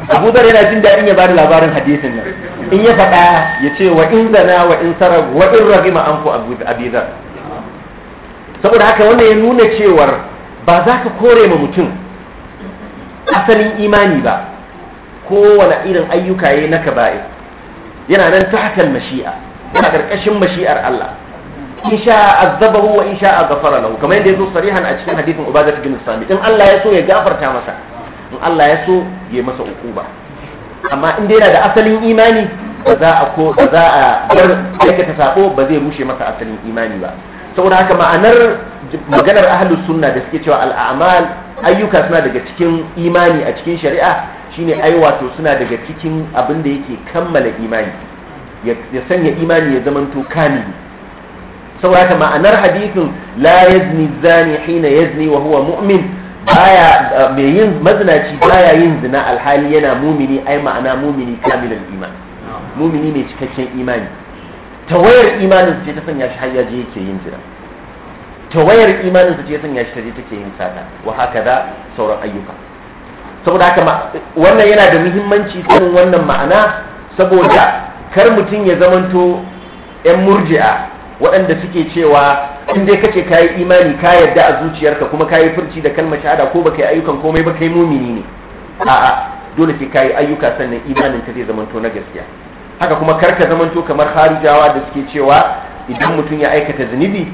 abuzar yana jin daɗin ya bada labarin hadisin nan in ya faɗa ya ce wa in zana wa in sara wa in razima anfu abizar saboda haka wannan ya nuna cewar ba za ka kore ma mutum asalin imani ba kowane irin ayyuka ya na ba'i yana nan ta hakan mashi'a yana karkashin mashi'ar Allah in sha azabahu wa in sha ghafara lahu kamar yadda zo sarihan a cikin hadisin ubadat bin sami in Allah ya so ya gafarta masa in Allah ya so ya masa ukuba amma in yana da asalin imani ba za a ko ba za a bar aikata sako ba zai rushe masa asalin imani ba saboda haka ma'anar maganar ahlus sunna da suke cewa al'amal ayyuka suna daga cikin imani a cikin shari'a shine ai wato suna daga cikin abin da yake kammala imani ya sanya imani ya zamanto kamili saboda haka ma'anar hadithin la yazni zani hina yazni wa huwa mu'min baya mai yin mazinaci baya yin zina alhali yana mumini ai ma'ana mumini kamilal iman mumini ne cikakken imani tawayar imanin ce ta sanya shi har yaje yake yin zina tawayar imanin ce ta sanya shi taje take yin sata wa haka da sauran ayyuka saboda haka wannan yana da muhimmanci sanin wannan ma'ana saboda kar mutum ya zamanto 'yan murji'a waɗanda suke cewa in dai kace kayi imani ka yarda a zuciyarka kuma kayi furci da kalmar shahada ko baka yi ayyukan komai ba kai mumini ne a'a dole sai kayi ayyuka sannan imanin ka zai zamanto na gaskiya haka kuma karka zamanto kamar harijawa da suke cewa idan mutum ya aikata zunubi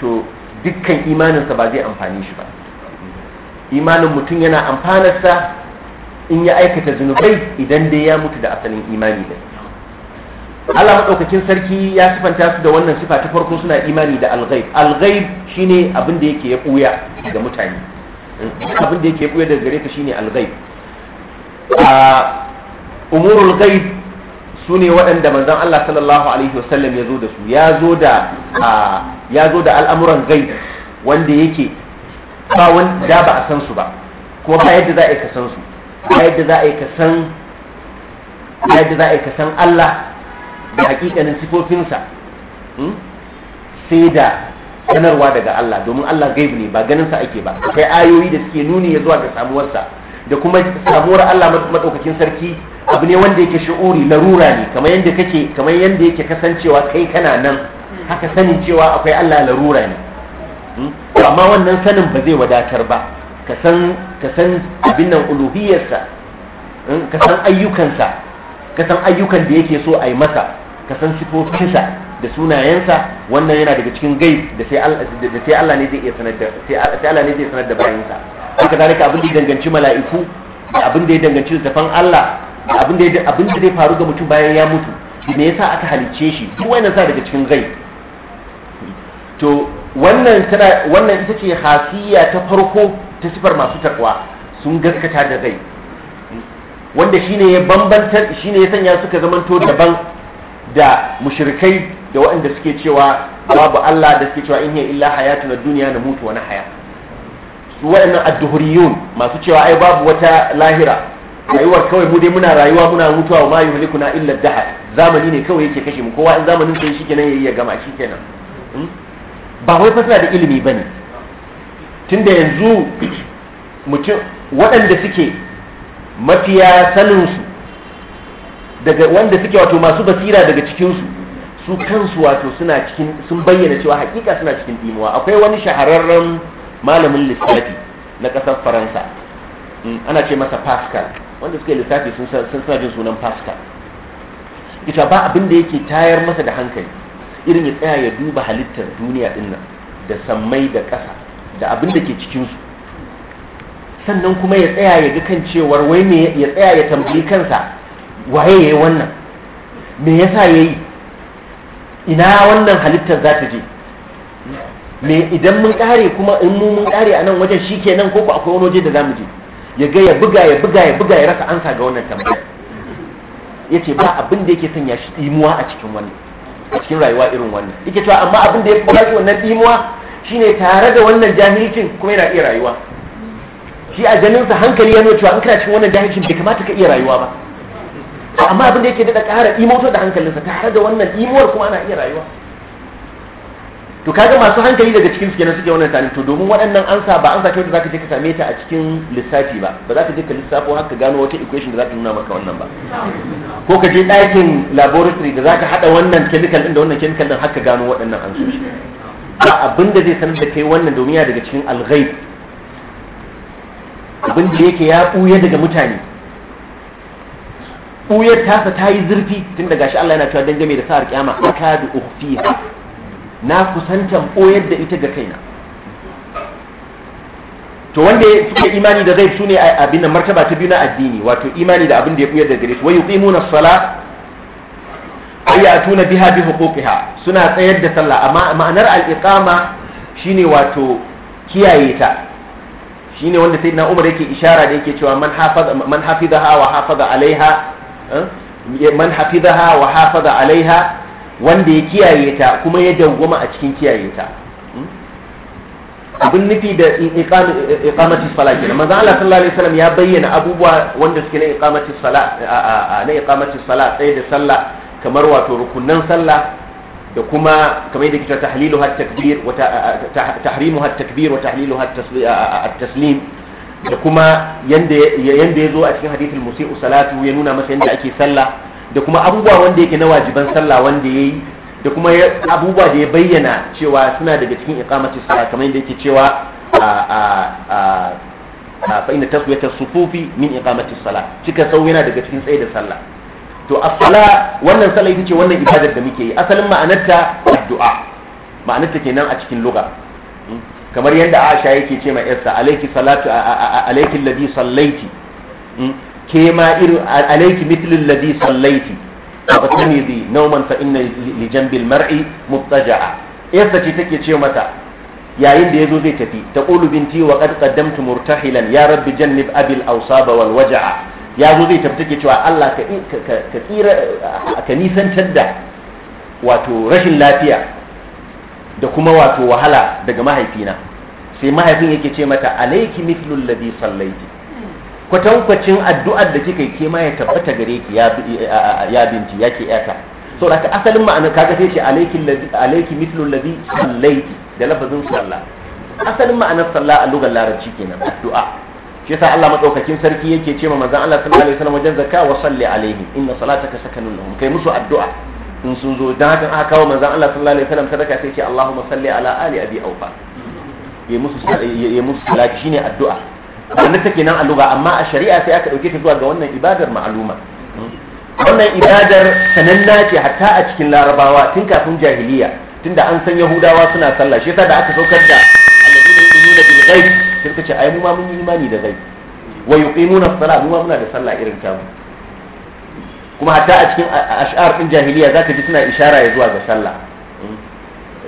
to dukkan imaninsa ba zai amfani shi ba imanin mutum yana amfanarsa in ya aikata zunubai idan dai ya mutu da asalin imani ne Allah maɗaukakin sarki ya sifanta su da wannan sifa ta farko suna imani da alghaib alghaib shine abin da yake ya ga mutane abin da yake ya ɓuya gare ka shine alghaib a ah, umurul ghaib su ne waɗanda manzan Allah sallallahu alaihi wasallam ya zo da su ya zo da al'amuran gai wanda yake ba wanda ba a san su ba ko ba yadda za a yi ka san su ba yadda za a yi ka ba yadda za a yi ka Allah da hakikanin sifofinsa hmm? sai da sanarwa daga Allah domin Allah gaib ne ba ganin sa ake ba sai ayoyi da suke nuni ya zuwa ga samuwarsa da kuma sabuwar Allah madaukakin sarki abu ne wanda yake shi'uri larura ne kamar yadda kake kamar yadda yake kasancewa kai kana nan haka sanin cewa akwai Allah larura ne hmm? amma wannan sanin ba zai wadatar ba ka san ka san abin nan uluhiyarsa hmm? ka san ayyukansa ka san ayyukan da yake so a yi masa ka san sifofinsa da sunayensa wannan yana daga cikin gai da sai Allah ne zai sanar da bayansa ka zalika abin da ya danganci mala'iku da abin da ya danganci littafan Allah da abin da abin da zai faru ga mutum bayan ya mutu me yasa aka halicce shi duk wannan sa daga cikin gai to wannan tana wannan ita ce hasiya ta farko ta sifar masu takwa sun gaskata da gai wanda shine ya bambanta shine ya sanya suka zamanto daban da mushrikai da waɗanda suke cewa babu Allah da suke cewa in hiya illa na duniya na mutu wa na haya Su waɗannan adduhuriyun masu cewa ai babu wata lahira rayuwar kawai mu dai muna rayuwa muna mutuwa wa mayu illa daha zamani ne kawai yake kashe mu kowa in zamanin sai shikenan yayi ya gama shikenan hmm? ba wai fasara da ilimi bane tunda yanzu mutum waɗanda suke mafiya saninsu daga wanda suke wato masu basira daga cikinsu su kansu wato suna cikin sun bayyana cewa hakika suna cikin dimuwa akwai wani shahararren malamin lissafi na ƙasar faransa mm, ana ce masa pascal wanda suka yi lissafi sun suna jin sunan pascal ita ba abin da yake tayar masa da hankali irin ya tsaya ya duba halittar duniya din nan da sammai da ƙasa da abin da ke cikinsu sannan kuma ya tsaya ya ga kan cewar wai me ya tsaya ya tambayi kansa waye ya yi wannan me yasa ya yi ina wannan halittar za ta je me idan mun kare kuma in mu mun kare a nan wajen shi kenan ko akwai wani waje da za mu je ya ga ya buga ya buga ya buga ya rasa ansa ga wannan tambaya ya ce ba abin da yake sanya shi imuwa a cikin wannan a cikin rayuwa irin wannan yake cewa amma abin da ya fi shi wannan imuwa shine tare da wannan jahilcin kuma yana iya rayuwa shi a ganinsa hankali ya nuna cewa in kana cikin wannan jahilcin bai kamata ka iya rayuwa ba amma abin da yake daɗa ƙara imoto da hankalinsa tare da wannan imuwar kuma ana iya rayuwa to kaga masu hankali daga cikin su kenan suke wannan tani to domin waɗannan ansa ba ansa kai da zaka je ka same ta a cikin lissafi ba ba za ka je ka lissafo har ka gano wata equation da za ta nuna maka wannan ba ko ka je ɗakin laboratory da za ka haɗa wannan chemical ɗin da wannan chemical din har ka gano waɗannan ansoshi ba abin da zai sanar da kai wannan domin ya daga cikin alghaib abin da yake ya ɓuya daga mutane ɓuyar tasa ta yi zurfi tun daga shi Allah yana cewa dangane da sa'ar kiyama akadu ukhfiha na kusantan ɓoyar da ita ga kaina to wanda suka imani da zai sune abin martaba ta biyu na addini wato imani da abin da ya ɓoyar da gare su wai na sala ayatuna biha bi huquqiha suna tsayar da sallah amma ma'anar al-iqama shine wato kiyaye ta shine wanda sai na umar yake ishara da yake cewa man hafaza man hafizaha wa hafaza alaiha eh? man hafizaha wa hafaza alaiha wanda ya kiyaye ta kuma ya dawwama a cikin kiyaye ta hmm? abin nufi da iqamati sala nan manzo Allah sallallahu alaihi wasallam ya bayyana abubuwa wanda suke na iqamati sala na iqamati sala tsaye da sallah kamar wato rukunan sallah da kuma kamar yadda kita tahlilu hat takbir wa tahrimu hat takbir wa tahlilu hat taslim da kuma yanda yanda yazo a cikin hadithul musii'u salatu ya nuna masa yanda ake sallah da kuma abubuwa wanda yake na wajiban sallah wanda ya yi da kuma abubuwa da ya bayyana cewa suna daga cikin iqamati sallah kamar yadda yake cewa fa inna taswiyata sufufi min iqamati sallah cika sau yana daga cikin tsaye da sallah to as-sala wannan sallah ita ce wannan ibadar da muke yi asalin ma'anarta addu'a ma'anarta kenan a cikin lugha hmm? kamar yadda Aisha yake ce ma yarsa alayki salatu alayki alladhi sallaiti hmm? ke ma irin alaiki mitlin ladi sallaiti a fatamidi nauman fa inna li jambil mar'i mubtaja'a yarsa ce take ce mata yayin da yazo zai tafi ta qulu binti wa qad qaddamtu murtahilan ya rabbi jannib abil awsaba wal waja'a yazo zai tafi take cewa Allah ka ka tsira ka nisantar da wato rashin lafiya da kuma wato wahala daga mahaifina sai mahaifin yake ce mata alaiki mitlul ladhi sallaiti kwatankwacin addu'ar da kika yi ke ma ya tabbata gare ki ya binci ya ke yata so da asalin ma'anar kaga sai ce alaiki mitlu ladhi sallaiti da lafazin sallah asalin ma'anar sallah a lugar larabci kenan addu'a shi yasa Allah madaukakin sarki yake ce ma manzon Allah sallallahu alaihi wasallam wajen zakka wa salli alaihi inna salataka sakanun lahum kai musu addu'a in sun zo dan haka aka kawo manzon Allah sallallahu alaihi wasallam sadaka sai ce Allahumma salli ala ali abi aufa ya musu ya musu salati shine addu'a wannan take nan a amma a shari'a sai aka dauke ta zuwa ga wannan ibadar ma'aluma wannan ibadar sananna ce hatta a cikin larabawa tun kafin jahiliya tunda an san yahudawa suna sallah shi yasa da aka saukar da alladina yu'minuna bil ghaib sai ka ce ai mun yi imani da ghaib wa yuqimuna as salat mu ma muna da sallah irin ta kuma hatta a cikin ash'ar din jahiliya zaka ji suna ishara zuwa ga sallah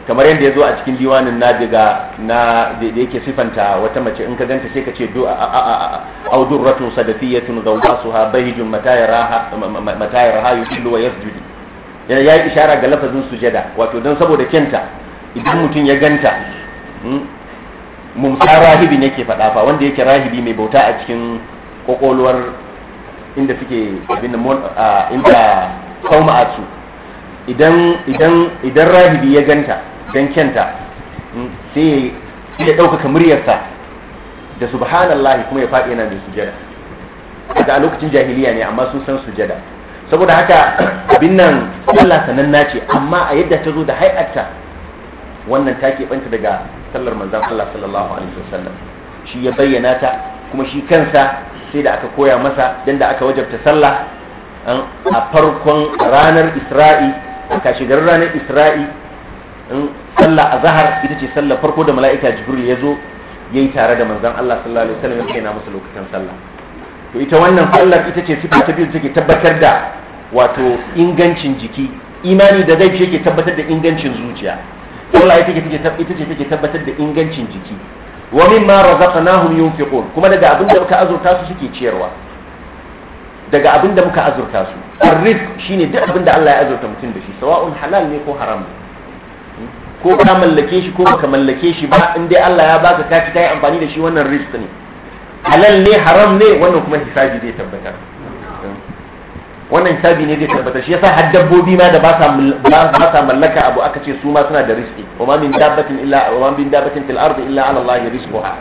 kamar yadda ya zo a cikin diwanin na daga na da yake sifanta wata mace in ka ganta sai ka ce du audurratun sadafiyatun gawasuha bahijun matayar ha yushillu wa yasjudu yana ya yi ishara ga lafazin sujada wato don saboda kenta, idan mutum ya ganta hmm, mumsa rahibi ne ke faɗa fa wanda yake rahibi mai bauta a cikin kokoluwar inda suke abin inda kauma a su idan rahibi ya ganta don kyanta sai ya ɗaukaka muryarsa da subhanallah kuma ya faɗi yana mai sujada daga a lokacin jahiliya ne amma sun san sujada saboda haka abin nan sallah sananna ce amma a yadda ta zo da hai'atta wannan ta keɓanta daga sallar manzan Allah sallallahu alaihi wasallam shi ya bayyana ta kuma shi kansa sai da aka koya masa dan da aka wajabta sallah a farkon ranar Isra'i a kashigar ranar Isra'i in sallah azhar ita ce sallah farko da mala'ika jibril ya zo yayi tare da manzon Allah sallallahu alaihi wasallam yake na musu lokacin sallah to ita wannan sallar ita ce sifa ta biyu take tabbatar da wato ingancin jiki imani da zai yake tabbatar da ingancin zuciya sallah ita ce take tabbatar da ingancin jiki wa mimma razaqnahum yunfiqun kuma daga abin da muka azurta su suke ciyarwa daga abin da muka azurta su arrif shine duk abin da Allah ya azurta mutum da shi sawa'un halal ne ko haram ne ko ka mallake shi ko baka mallake shi ba in dai Allah ya baka ka ci kai amfani da shi wannan risk ne halal ne haram ne wannan kuma hisabi zai tabbatar wannan hisabi ne zai tabbatar shi yasa har dabbobi ma da ba sa ba sa mallaka abu aka ce su ma suna da risk wa ma min dabbatin illa wa ma min dabbatin fil ardi illa ala Allah rizquha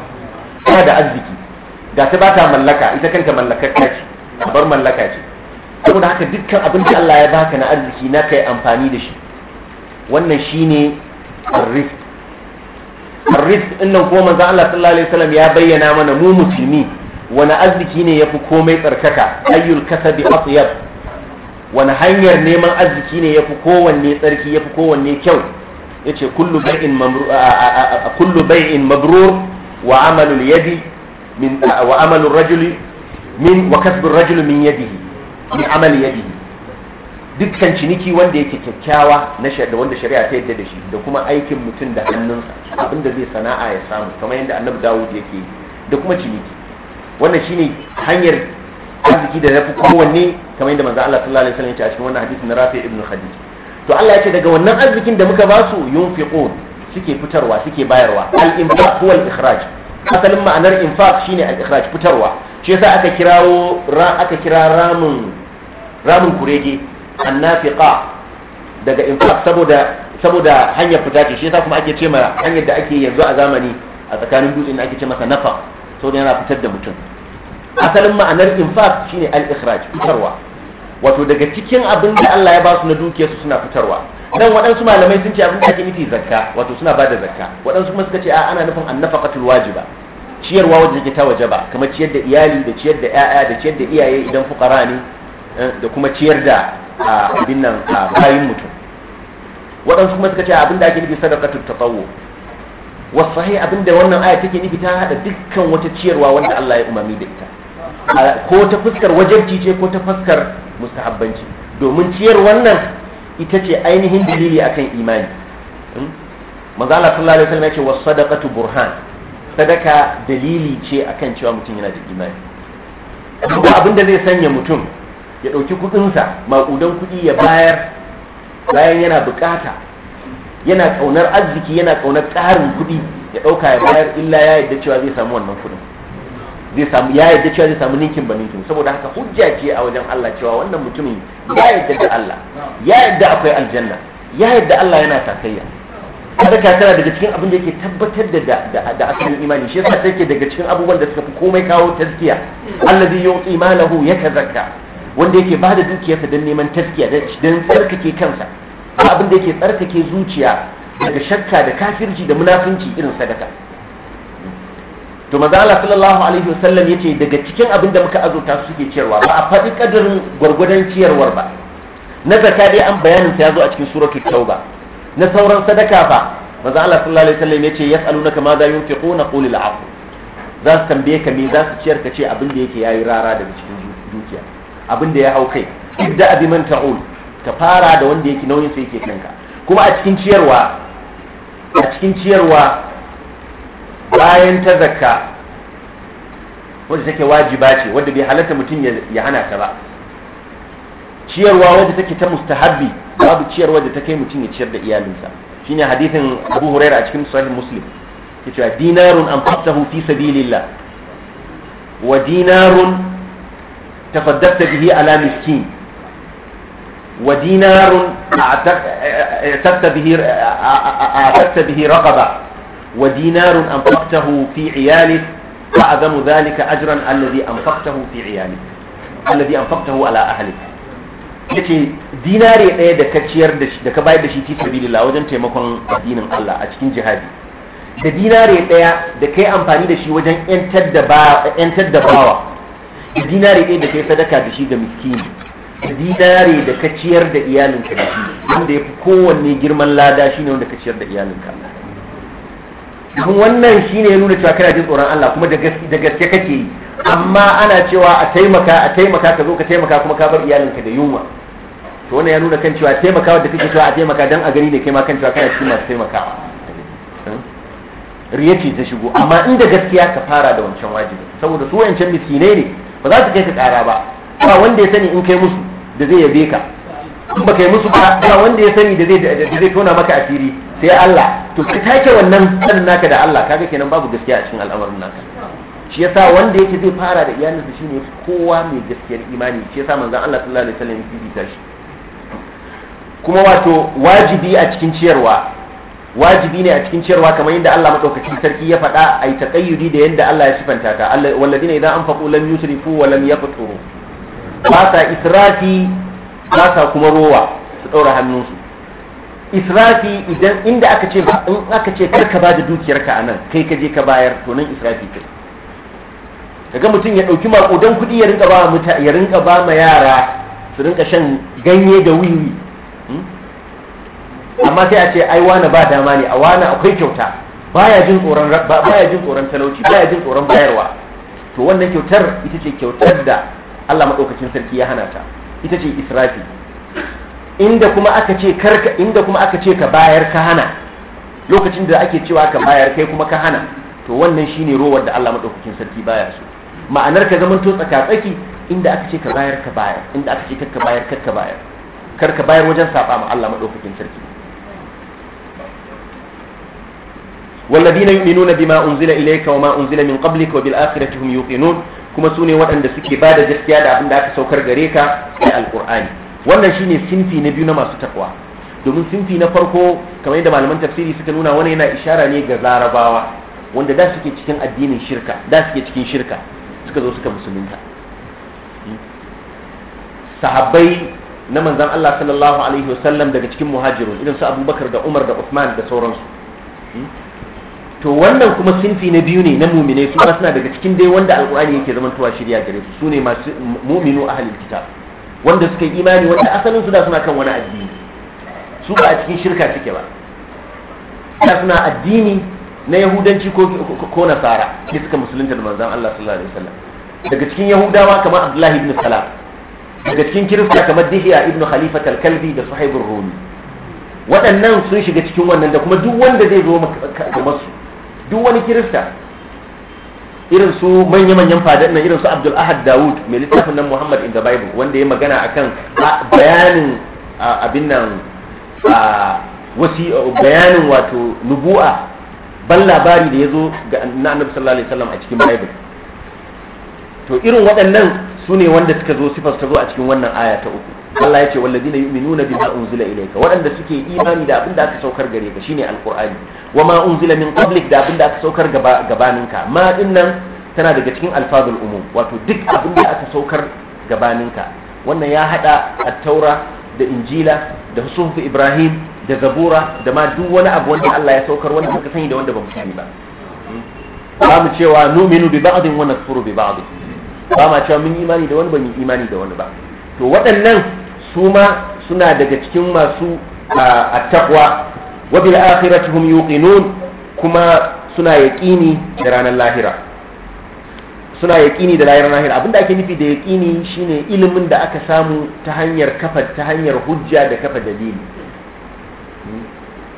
tana da arziki ga ta ba ta mallaka ita kanta mallakarka ce bar mallaka ce saboda haka dukkan abin da Allah ya baka na arziki na kai amfani da shi wannan shine arif arif nan kuma manzon Allah sallallahu alaihi wasallam ya bayyana mana mu musulmi wani arziki ne yafi komai tsarkaka ayyul kasabi atyab wani hanyar neman arziki ne yafi kowanne tsarki yafi kowanne kyau yace kullu bai'in mamru kullu bai'in mabrur wa amalul yadi min wa amalur rajuli min wa kasbur dukkan ciniki wanda yake kyakkyawa na da wanda shari'a ta yadda da shi da kuma aikin mutum da hannunsa abin da zai sana'a ya samu kamar yadda annabi dawud yake da kuma ciniki wannan shine hanyar arziki da yafi kowanne kamar yadda manzo Allah sallallahu alaihi wasallam ya ce a cikin wannan hadisi na Rafi ibn Khadij to Allah ya ce daga wannan arzikin da muka ba su yunfiqun suke fitarwa suke bayarwa al-infaq huwa al-ikhraj asalin ma'anar infaq shine al-ikhraj fitarwa shi yasa aka kirawo aka kira ramin ramin kurege annafiqa daga infaq saboda saboda hanyar fita ce shi yasa kuma ake ce ma hanyar da ake yanzu a zamani a tsakanin dutsen ake ce masa nafa saboda yana fitar da mutum asalin ma'anar infaq shine al-ikhraj fitarwa wato daga cikin abin da Allah ya ba su na dukiyar su suna fitarwa dan waɗansu malamai sun ce abin da ake nufi zakka wato suna ba da zakka waɗansu kuma suka ce a ana nufin annafaqatul wajiba ciyarwa wajen ta wajaba kamar ciyar da iyali da ciyar da ƴaƴa da ciyar da iyaye idan fukara ne eh, da kuma ciyar da abin nan bayin mutum waɗansu kuma suka ce abin da ake nufi tsawo wasu wasahi abin da wannan aya take nufi ta hada dukkan wata ciyarwa wanda Allah ya umarni da ita ko ta fuskar wajabci ce ko ta fuskar mustahabbanci domin ciyar wannan ita ce ainihin dalili akan imani hmm? manzo Allah sallallahu alaihi wasallam ya ce burhan sadaka dalili ce akan cewa mutum yana da imani duk abin zai sanya mutum ya ɗauki kuɗinsa maƙudan kuɗi ya bayar bayan yana buƙata yana ƙaunar arziki yana ƙaunar tsarin kuɗi ya ɗauka ya bayar illa ya yadda cewa zai samu wannan kuɗin zai samu ya yadda cewa zai samu ninkin ba ninkin saboda haka hujja ce a wajen Allah cewa wannan mutumin ya yadda da Allah ya yadda akwai aljanna ya yadda Allah yana kada ka tana daga cikin abin da yake tabbatar da da asalin imani shi yasa take daga cikin abubuwan da suka fi komai kawo tazkiya allazi yu'ti malahu yatazakka wanda yake ba da dukiyarsa don neman taskiya don tsarkake kansa abin da yake tsarkake zuciya daga shakka da kafirci da munafunci irin sadaka to maza Allah sallallahu alaihi wasallam yace daga cikin abin da muka azurta su suke ciyarwa ba a faɗi kadarin gwargwadon ciyarwar ba na zakka dai an bayanin ta zo a cikin suratul tauba na sauran sadaka fa maza Allah sallallahu alaihi wasallam yace yas'alunaka ma za yunfiquna qul al za su tambaye ka me za su ciyar ka ce abin da yake yayi rara daga cikin dukiya abin da ya hau kai idda abi man ta'ul ka fara da wanda yake nauyin sai yake kanka kuma a cikin ciyarwa a cikin ciyarwa bayan ta zakka wanda take wajiba ce wanda bai halatta mutum ya hana ta ba ciyarwa wanda take ta mustahabbi babu ciyarwa da ta kai mutum ya ciyar da iyalinsa shine hadithin Abu Hurairah a cikin Sahih Muslim yace dinarun an fi sabilillah wa dinarun tafaddata bihi ala miskin wa dinarun a'tatta bihi a'tatta raqaba wa dinarun anfaqtahu fi iyalik fa'azamu dhalika ajran alladhi anfaqtahu fi iyalik alladhi anfaqtahu ala yace dinare ɗaya da ka ciyar da shi da ka bayar da shi fi sabilillah wajen taimakon addinin Allah a cikin jihadi da dinare ɗaya da yi amfani da shi wajen yantar da bawa da dinari ɗaya da kai sadaka da shi ga miskini da dinari da ka ciyar da iyalinka da shi wanda ya fi kowanne girman lada shine wanda ka ciyar da iyalinka don wannan shine ya nuna cewa kana jin tsoron Allah kuma da gaske kake yi amma ana cewa a taimaka a taimaka ka zo ka taimaka kuma ka bar iyalinka da yunwa to wannan ya nuna kan cewa taimakawa da kake cewa a taimaka dan a gani da kai ma kan cewa kana cikin masu taimakawa hmm? riya ce ta shigo amma inda gaskiya ka fara da wancan wajibi saboda su wancan miskinai ne ba za su kai ka kara ba ba wanda ya sani in kai musu da zai yabe ka in ba kai musu ba ba wanda ya sani da zai zai tona maka asiri sai Allah to ka take wannan sanin naka da Allah kaga kenan babu gaskiya a cikin al'amarin naka shi yasa wanda yake zai fara da iyalinsa shine kowa mai gaskiyar imani shi yasa manzon Allah sallallahu alaihi wasallam ya bibita shi kuma wato wajibi a cikin ciyarwa wajibi ne a cikin ciyarwa kamar yadda Allah madaukakin sarki ya faɗa a ai taƙayyudi da yadda Allah ya sifanta ta walladina idan an faɗo lam yusrifu wa lam yaqturu ba sa israfi ba sa kuma rowa su daura hannunsu israfi idan inda aka ce in aka ce kar ka bada dukiyarka anan kai ka je ka bayar to nan israfi kai kaga mutum ya ɗauki makudan kuɗi ya rinka ba ma yara su rinka shan ganye da wiwi amma sai a ce ai wani ba dama ne a wani akwai kyauta baya jin tsoron baya jin tsoron talauci baya jin tsoron bayarwa to wannan kyautar ita ce kyautar da Allah madaukakin sarki ya hana ta ita ce israfi inda kuma aka ce karka inda kuma aka ce ka bayar ka hana lokacin da ake cewa ka bayar kai kuma ka hana to wannan shine rowar da Allah madaukakin sarki baya so ma'anar ka zaman to tsakatsaki inda aka ce ka bayar ka bayar inda aka ce ka bayar ka bayar karka bayar wajen saba ma Allah madaukakin sarki والذين يؤمنون بما أنزل إليك وما أنزل من قبلك وبالآخرة هم يوقنون كما سوني gaskiya da abin جسكيا دا saukar gare سوكر غريكا al'kur'ani wannan shine sinfi na biyu na masu takwa domin sinfi na farko kamar yadda malaman tafsiri suka nuna wani yana ishara ne ga larabawa wanda da suke cikin addinin shirka da suke cikin shirka suka zo suka musulunta sahabbai na manzan Allah sallallahu alaihi wasallam daga cikin muhajiru idan su abubakar da umar da usman da sauransu to wannan kuma sinfi na biyu ne na mumine su ma suna daga cikin dai wanda alkur'ani yake zaman tuwa shirya gare su sune masu mu'minu a halin kitab wanda suka yi imani wanda asalin su da suna kan wani addini su ba a cikin shirka suke ba da suna addini na yahudanci ko ko nasara ne suka musulunta da manzon Allah sallallahu alaihi wasallam daga cikin yahudawa kamar Abdullahi ibn Salam daga cikin kirista kamar Dihiya ibn Khalifat da Suhaib waɗannan sun shiga cikin wannan da kuma duk wanda zai zo kamar su duk wani kirista irin su manya-manyan fadar nan irin su abdul ahad dawud mai littafin nan muhammad in the bible wanda ya magana akan bayanin abin nan bayanin wato nubu'a ban labari da ya zo ga annabi sallallahu alaihi wasallam a cikin bible to irin waɗannan su ne wanda suka zo sifar ta zo a cikin wannan aya ta uku Allah ya ce walladina yu'minuna bima unzila ilayka waɗanda suke imani da abin da aka saukar gare ka shine alqur'ani wa ma unzila min qablik da abin da aka saukar gabaninka ma dinnan tana daga cikin alfazul umum wato duk abin da aka saukar gabaninka wannan ya hada at-taura da injila da suhuf ibrahim da zabura da ma duk wani abu wanda Allah ya saukar wanda muka sani da wanda ba mu sani ba ba mu cewa numinu bi ba'din wa nakfuru bi ba'din ba ma cewa mun imani da wani ba mu imani da wani ba to waɗannan su ma suna daga cikin masu attaqwa wa bil akhirati hum yuqinun kuma suna yaqini da ranar lahira suna yaqini da ranar lahira abinda ake nufi da yaqini shine ilimin da aka samu ta hanyar kafa ta hanyar hujja da kafa dalili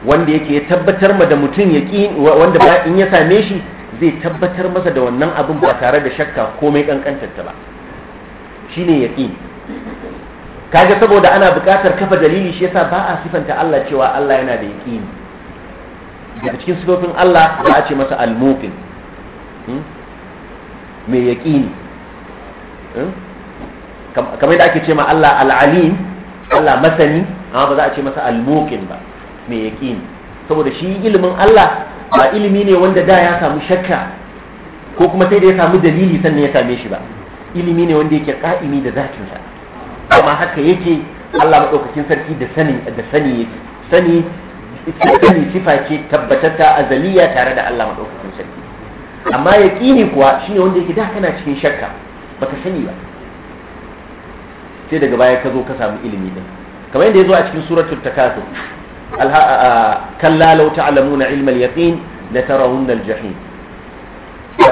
wanda yake tabbatar ma da mutum yaqini wanda ba in ya same shi zai tabbatar masa da wannan abin ba tare da shakka komai kankantar ta ba shine yaqini kaga saboda ana buƙatar kafa dalili shi yasa ba a sifanta Allah cewa Allah yana da yaqini daga cikin sifofin Allah za a ce masa al-muqin hmm? mai yaqini hmm? kamar yadda ake ce ma Allah al-alim Allah masani amma ba za a ce masa al-muqin ba mai yaqini saboda shi ilimin Allah ba ilimi ne wanda da ya samu shakka ko kuma sai da ya samu dalili sannan ya same shi ba ilimi ne wanda yake ka'imi da zatinsa amma haka yake Allah maɗaukakin sarki da sani da sani yake sani sani sifa ce tabbatatta azaliya tare da Allah maɗaukakin sarki amma yaqini kuwa shine wanda yake da kana cikin shakka baka sani ba sai daga baya ka zo ka samu ilimi din kamar yadda ya zo a cikin suratul takasur kalla law ta'lamuna ilmal yaqin la tarawunna al jahim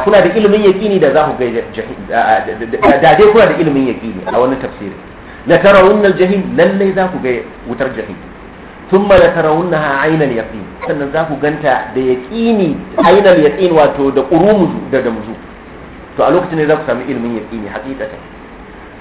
kuna da ilimin yaqini da za ku ga da dai kuna da ilimin yaqini a wani tafsirin la tarawunnal jahim lalle za ku ga wutar jahim thumma la tarawunnaha aynal yaqin sannan za ku ganta da yaqini aynal yaqin wato da qurumu da damzu to a lokacin ne za ku samu ilimin yaqini haqiqatan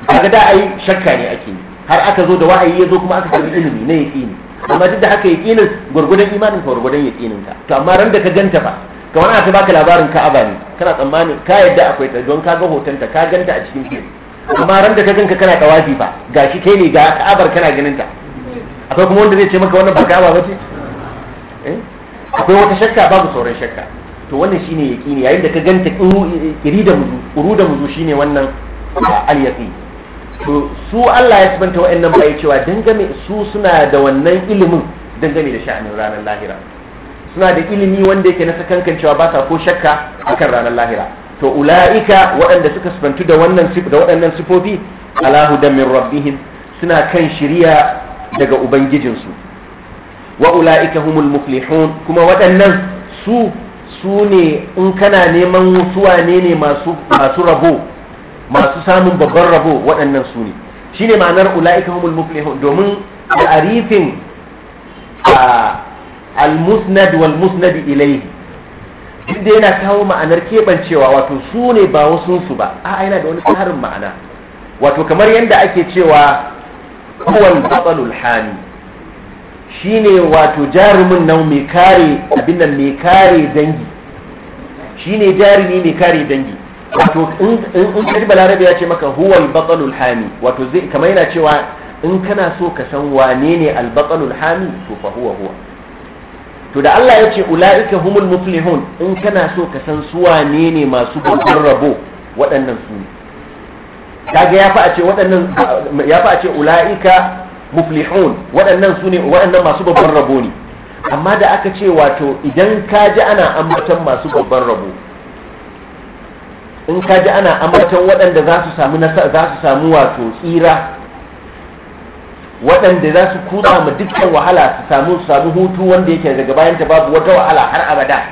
kaga da ai shakka ne ake har aka zo da wa'ayi ya zo kuma aka samu ilimi na yaqini amma duk da haka yaƙinin gurgudan imanin ka gurgudan yaƙinin ka to amma ran da ka ganta ba kamar aka baka labarin ka'aba ne kana tsammanin ka yadda akwai ta don ka ga hotonta ka ganta a cikin amma ran da ka ganka kana tawafi fa shi kai ne ga ka'abar kana ganin ta akwai kuma wanda zai ce maka wannan ba ka'aba ba ce eh? akwai wata shakka babu sauran shakka to wannan shine yaqini yayin da ka ganta kiri da muzu kuru da muzu shine wannan al-yaqin to su Allah ya sabanta wa'annan bai cewa dangane su suna da wannan ilimin dangane da sha'anin ranar lahira suna da ilimi wanda yake na sakankancewa cewa ba sa ko shakka akan ranar lahira to ula'ika waɗanda suka sifantu da wannan waɗannan sifofi alahu da min rabbihim suna kan shiriya daga ubangijinsu wa ula'ika humul muflihun kuma waɗannan su su ne in kana neman mutuwa ne ne masu rabo masu samun babban rabo waɗannan su ne shine ma'anar ula'ika humul muflihun domin da arifin al-musnad wal musnad ilayhi inda yana kawo ma'anar keɓancewa wato su ne ba wasu su ba a yana da wani tsarin ma'ana wato kamar yadda ake cewa kowal batsalul hani shi ne wato jarumin nan mai kare abin nan mai kare dangi shi ne jarumi mai kare dangi wato in kaji balarabe ya ce maka huwal batsalul hani wato kamar yana cewa in kana so ka san wane ne albatsalul hani to fa huwa huwa to da Allah ya ce ula'ika humul muflihun in kana so ka san suwa ne ne masu babban rabo waɗannan su ne kaga ya fa a ce waɗannan ya fa a ce ula'ika muflihun waɗannan su ne waɗannan masu babban rabo ne amma da aka ce wato idan ka ji ana ambaton masu babban rabo in ka ji ana ambaton waɗanda za su samu za su samu wato tsira waɗanda za su kuda ma dukkan wahala su samu su samu hutu wanda yake daga bayan ta babu wata wahala har abada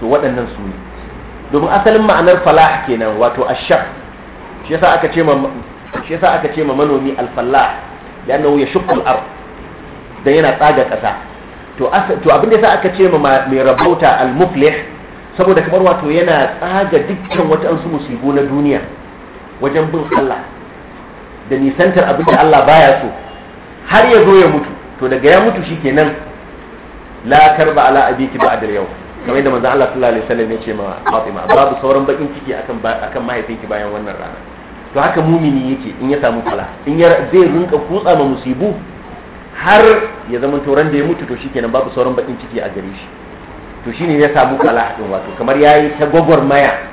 to waɗannan su ne domin asalin ma'anar falah kenan wato ashaq shi yasa aka ce ma shi yasa aka ce ma manomi al-falah nau ya shukul ar dan yana tsaga ƙasa to to abin da yasa aka ce ma mai rabauta al-muflih saboda kamar wato yana tsaga dukkan wata su musibu na duniya wajen bin Allah da nisantar abin da Allah baya so har ya zo ya mutu to daga ya mutu shikenan la karba ala abiki da yau kamar yadda manzo Allah sallallahu alaihi wasallam ya ce ma Fatima babu sauran bakin ciki akan akan mahaifinki bayan wannan rana to haka mumini yake in ya samu fala in ya zai rinka kutsa ma musibu har ya zama toran da ya mutu to shikenan babu sauran bakin ciki a gare shi to shine ya samu fala din wato kamar yayi ta maya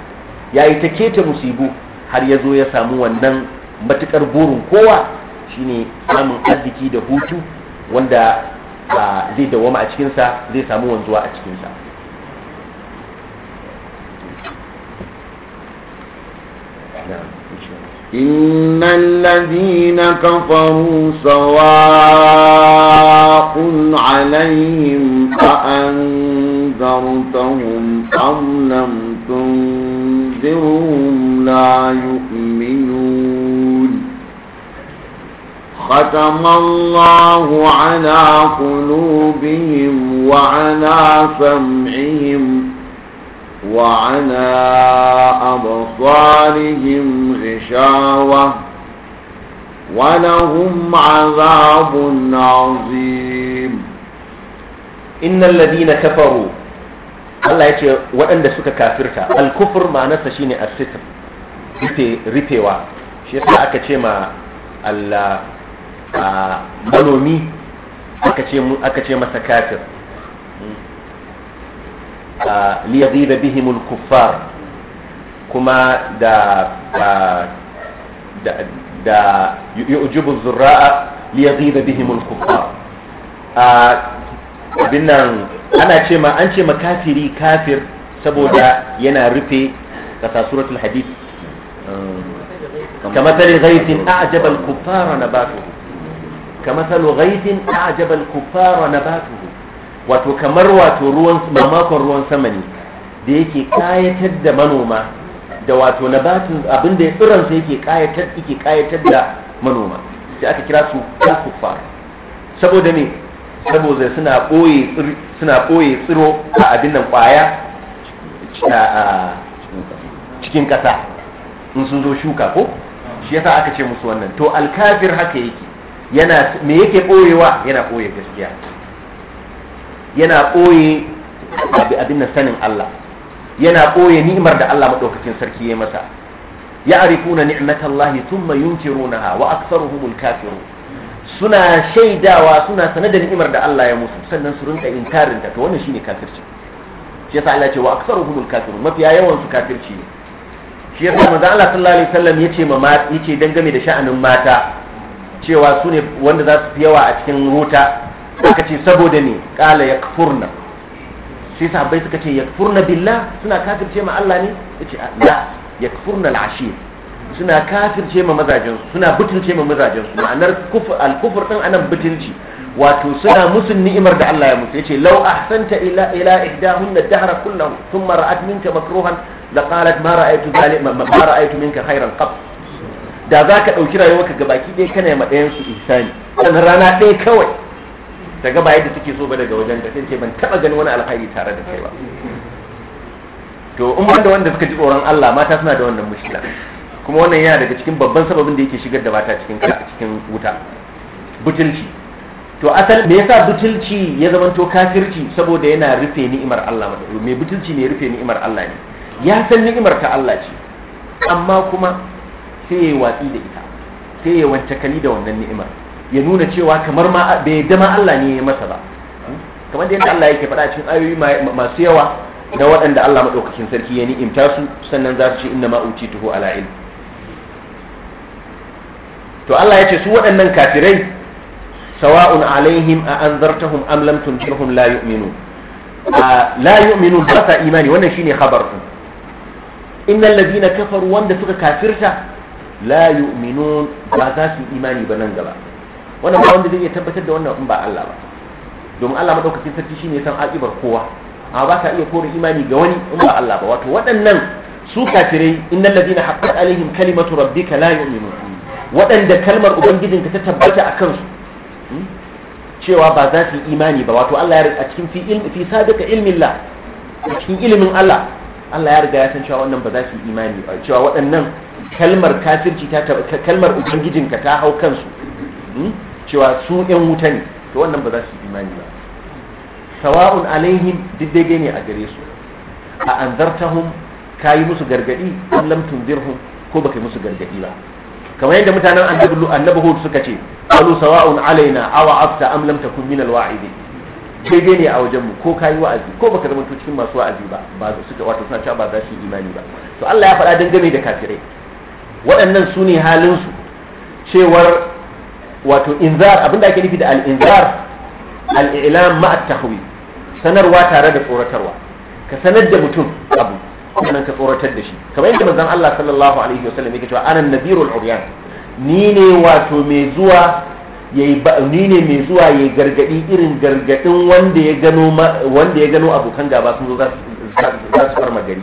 yayi ta keta musibu har ya zo ya samu wannan matukar burin kowa shine samun arziki da hutu wanda zai dawama a cikinsa zai samu wanzuwa a cikinsa إن الذين كفروا سواء عليهم أأنذرتهم أم لم تنذرهم لا يؤمنون ختم الله على قلوبهم وعلى سمعهم وعلى أبصارهم غشاوة ولهم عذاب عظيم إن الذين كفروا الله يتي وأن سك كافرتا الكفر ما نفسيني الستر رتي شيء أكتشي ما الله manomi aka ce masa kafir liyaghiba bihimul kuffar kuma da da zura'a liyazi da bihimul kuffar abin nan ana ce ma an ce ma kafiri kafir saboda yana rufe kasa suratul hadith kamar tare ghaithin a'jaba al-kuffara nabatuhu kamathalu ghaithin a'jaba al-kuffara nabatuhu wato kamar wato ruwan mamakon ruwan sama ne da yake kayatar da manoma da wato nabatin abinda ya tsiran sa yake kayatar yake kayatar da manoma sai aka kira su kuffar saboda ne saboda suna boye suna boye tsiro a abin nan kwaya cikin kasa in sun zo shuka ko shi yasa aka ce musu wannan to alkafir haka yake yana me yake koyewa yana ɓoye gaskiya yana ɓoye abin nan sanin Allah yana ɓoye ni'imar da Allah maɗaukakin sarki ya masa ya arifuna ni'matallahi thumma yunkirunaha wa aktharuhumul kafirun suna shaidawa suna sanar da ni'imar da Allah ya musu sannan su rinka inkarin ta to wannan shine kafirci shi yasa Allah ya ce wa aktharuhumul kafirun mafiya yawan su kafirci ne shi yasa manzo Allah sallallahu alaihi wasallam yace ma yace dangane da sha'anin mata cewa su ne wanda za su fi yawa a cikin wuta aka ce saboda ne kala ya furna. sai sahabbai suka ce ya furna biLla suna kafirce ma Allah ne ya ce la ya kafurna al'ashir suna kafirce ma mazajensu suna butulce ma mazajensu ma'anar al-kufur din anan butulci wato suna musu ni'imar da Allah ya musu yace law ahsanta ila ila ihdahunna dahra kullahu thumma ra'at minka makruhan laqalat ma ra'aytu zalima ma ra'aytu minka khairan qab da za ka ɗauki rayuwarka ga baki ɗaya kana ma ɗayan su ihsani sannan rana ɗaya kawai ta gaba yadda take so ba daga wajen da ce ban taɓa ganin wani alhaji tare da kai ba to in wanda wanda suka ji tsoron Allah mata suna da wannan mushkila kuma wannan yana daga cikin babban sababin da yake shigar da mata cikin cikin wuta butulci to asal me yasa butulci ya zamanto kafirci saboda yana rufe ni'imar Allah mai butulci ne rufe ni'imar Allah ne ya san ni'imar ta Allah ce amma kuma sai ya yi watsi da ita sai ya wance da wannan ni'imar ya nuna cewa kamar ma bai dama Allah ne ya masa ba kamar da yadda Allah yake faɗa cikin ayoyi masu yawa na waɗanda Allah maɗaukakin sarki ya ni'imta su sannan za su ce inna ma utituhu ala ilm to Allah ya ce su waɗannan kafirai sawa'un alaihim a anzartahum am lam tunzirhum la yu'minun la yu'minun ba sa imani wannan shine khabar innal ladina kafaru wanda suka kafirta la yu'minun ba za su imani ba nan gaba wannan ba wanda zai iya tabbatar da wannan ba Allah ba domin Allah madaukakin sarki shine san aqibar kowa amma ba ka iya kore imani ga wani in ba Allah ba wato waɗannan su kafirai innal ladina haqqat alaihim kalimatu rabbika la yu'minun waɗanda kalmar ubangijinka ta tabbata a kansu hmm, cewa ba za su imani ba wato Allah ya riga a cikin fi ilmi fi sadaka ilmin cikin ilimin Allah Allah ya riga ya san cewa wannan ba za su imani ba cewa waɗannan kalmar kafirci ta kalmar ubangijinka ta hau kansu hmm? cewa su ɗan wuta ne to wannan ba za su imani ba sawa'un alaihim duk dai-dai ne a gare su a anzartahum kayi musu gargadi an lam tunzirhum ko baka musu gargadi ba kamar yadda mutanen annabi annabi hud suka ce qalu sawa'un alaina aw afta am lam takun min alwa'idin daidai ne a wajenmu ko kayi wa'azi ko baka zama cikin masu wa'azi ba ba suka wato suna cewa ba za su imani ba to Allah ya faɗa dangane da kafirai waɗannan su ne halinsu cewar wato inzar abinda ake nufi da al'inzar al'ilam ma'at tahwi sanarwa tare da tsoratarwa ka sanar da mutum abu sannan ka tsoratar da shi kamar yadda mazan Allah sallallahu alaihi wasallam yake cewa anan nadirul uryan ni ne wato mai zuwa yayi ni ne mai zuwa yayi gargadi irin gargadin wanda ya gano wanda ya gano abokan gaba sun zo za su farma gari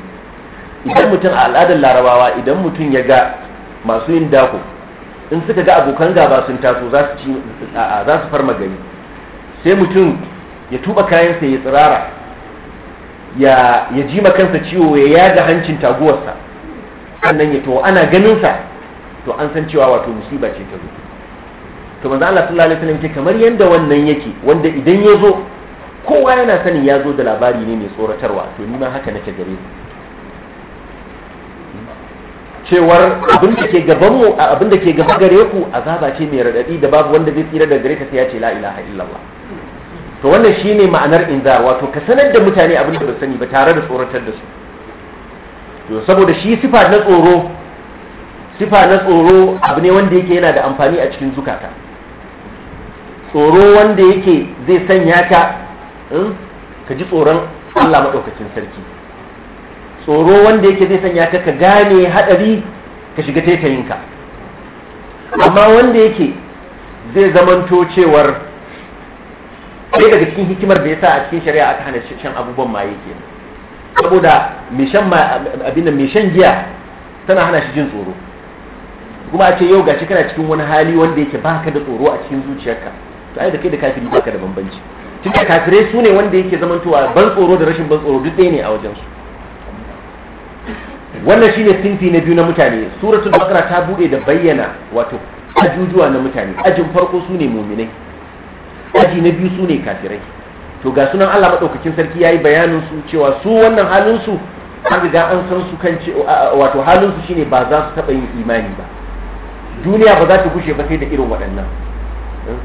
idan mutum a al'adar larabawa idan mutum ya ga masu yin dako in suka ga abokan gaba sun taso za su farma gari sai mutum ya tuba kayansa ya tsirara ya ji kansa ciwo ya yaga hancin taguwarsa sannan ya to ana ganinsa to an san cewa wato musiba ce ta zo to manzo Allah sallallahu alaihi wasallam ke kamar yanda wannan yake wanda idan ya zo kowa yana sanin ya zo da labari ne mai tsoratarwa to ni ma haka nake gare ni cewar abin da ke gaban mu abin da ke gaba gare ku azaba ce mai radadi da babu wanda zai tsira da gare ka sai ya ce la ilaha illallah to wannan shine ma'anar inzar wato ka sanar da mutane abin da ba sani ba tare da tsoratar da su to saboda shi sifa na tsoro sifa na tsoro abu ne wanda yake yana da amfani a cikin zukata tsoro wanda yake zai sanya ka hmm, ka ji tsoron Allah madaukakin sarki tsoro wanda yake zai sanya ka ka gane haɗari ka shiga taitayinka amma wanda yake zai zamanto cewar ɗaya daga cikin hikimar da ya sa a cikin shari'a aka hana shan abubuwan maye yake saboda abin mai shan giya tana hana shi jin tsoro kuma a ce yau gashi kana cikin wani hali wanda yake baka da tsoro a cikin zuciyarka to ai da kai da kafiri baka da bambanci tunda kafirai su ne wanda yake zamantowa ban tsoro da rashin ban tsoro duk ɗaya ne a wajen su. wannan shine sinfi na biyu na mutane suratul bakara ta bude da bayyana wato ajujuwa na mutane ajin farko su muminai aji na biyu su kafirai to ga sunan Allah madaukakin sarki yayi bayanin su cewa su wannan halin su an riga an san su kan wato halin su shine ba za su taba yin imani ba duniya ba za ta gushe ba sai da irin waɗannan hmm?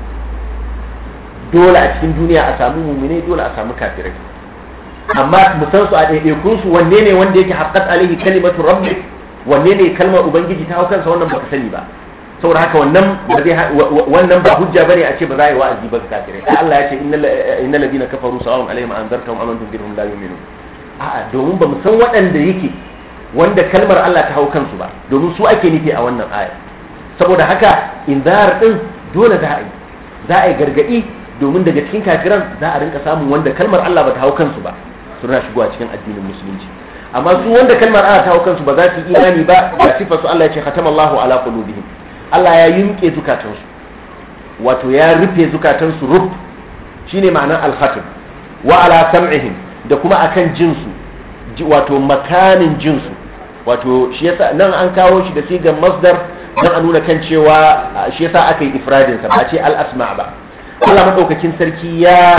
dole a cikin duniya a samu muminai dole a samu kafirai amma mu san su a ɗaiɗaikun su wanne ne wanda yake haqqat alaihi kalimatu rabbi wanne ne kalmar ubangiji ta hau kansa wannan baka sani ba saboda haka wannan ba zai wannan ba hujja bane a ce ba za a yi wa'azi ba kafirai da Allah ya ce innal ladina kafaru sawa'un alaihim anzartahum am antum bihum la yu'minun a'a domin ba mu san waɗanda yake wanda kalmar Allah ta hau kansu ba domin su ake nufi a wannan aya saboda haka inzar din dole za a yi za a yi gargadi domin daga cikin kafiran za a rinka samun wanda kalmar Allah ba ta hau kansu ba suna shigowa cikin addinin musulunci amma su wanda kalmar ana kawo kansu ba za su yi imani ba ga sifa su Allah ya ce Allahu ala qulubihim Allah ya yunke zukatansu wato ya rufe zukatansu rub shine ma'anar al khatam wa ala sam'ihim da kuma akan jinsu wato makanin jinsu wato shi yasa nan an kawo shi da sigar masdar don a nuna kan cewa shi yasa aka yi ifradin sa ba ce al-asma ba Allah madaukakin sarki ya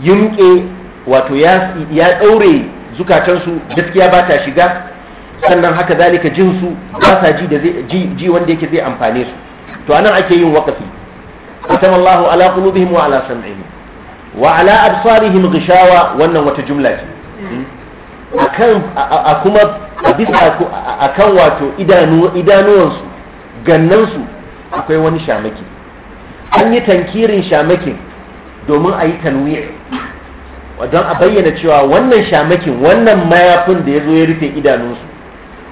yunke wato ya ɗaure zukatansu gaskiya ba ta shiga sannan haka zalika jinsu ba sa ji da ji wanda yake zai amfane su to anan ake yin waqafi atamallahu ala qulubihim wa ala sam'ihim wa ala absarihim ghishawa wannan wata jumla ce akan a kuma bisa akan wato idanu idanuwansu gannansu akwai wani shamaki an yi tankirin shamakin domin a yi tanwi'i don a bayyana cewa wannan shamakin wannan mayafin da ya zo ya rufe idanunsu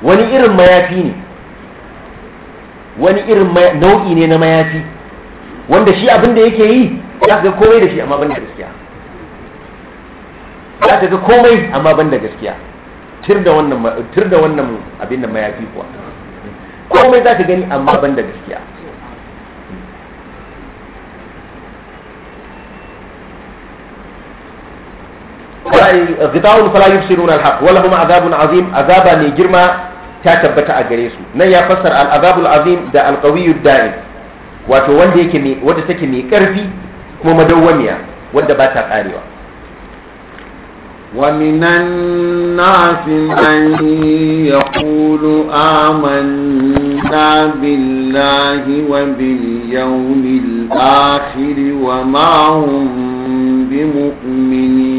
wani irin mayafi ne wani irin nau'i ne na mayafi wanda shi abin da yake yi ya ga komai da shi amma ban da gaskiya Ya ga komai amma ban da gaskiya tir da wannan abin da mayafi kuwa komai za ka gani amma ban da gaskiya غطاء فلا يبصرون الحق ولهم عذاب عظيم عذاب من جرما تثبت اجريسو نن يا فسر العذاب العظيم ده القوي الدائم wato wanda yake mai wanda take mai karfi kuma madawwamiya wanda ba ta karewa ومن الناس من يقول آمنا بالله وباليوم الآخر وما هم بمؤمنين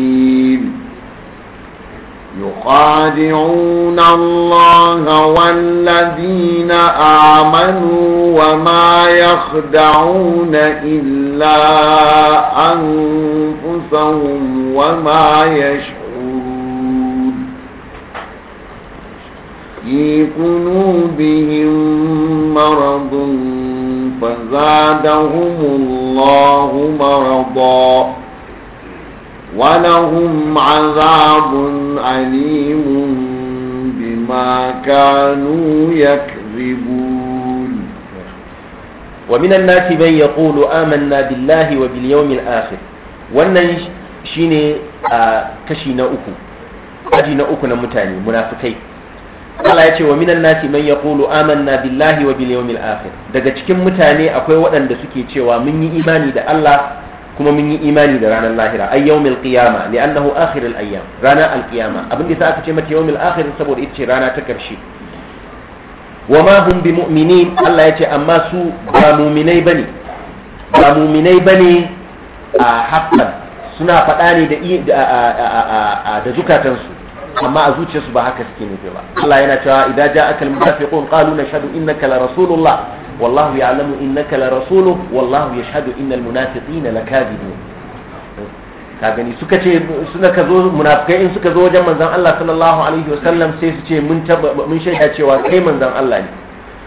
يخادعون الله والذين آمنوا وما يخدعون إلا أنفسهم وما يشعرون في قلوبهم مرض فزادهم الله مرضاً ولهم عذاب أليم بما كانوا يكذبون ومن الناس من يقول آمنا بالله وباليوم الآخر wannan shine a kashi na uku aji na uku na mutane munafukai. Allah ya ce wa minan nasi man yaqulu amanna billahi wa bil yawmil akhir daga cikin mutane akwai waɗanda suke cewa mun yi imani da Allah kuma mun yi imani da ranar lahira ay yawmil qiyama li'annahu akhir al ayyam ranar al qiyama abin da aka ce mata yawmil akhir saboda ita ce rana ta karshe wa ma hum bi mu'minin Allah yace amma su ba mu'minai bane ba mu'minai bane a haqqan suna faɗa ne da da zukatansu amma a zuciyarsu ba haka suke nufi ba Allah yana cewa idza ja'aka al munafiqun qalu nashhadu innaka la rasulullah wallahu ya'lamu innaka la rasuluhu wallahu yashhadu innal munafiqina lakadibun ka gani suka ce suna ka zo munafikai in suka zo wajen manzon Allah sallallahu alaihi wasallam sai su ce mun taba mun shaida cewa kai manzon Allah ne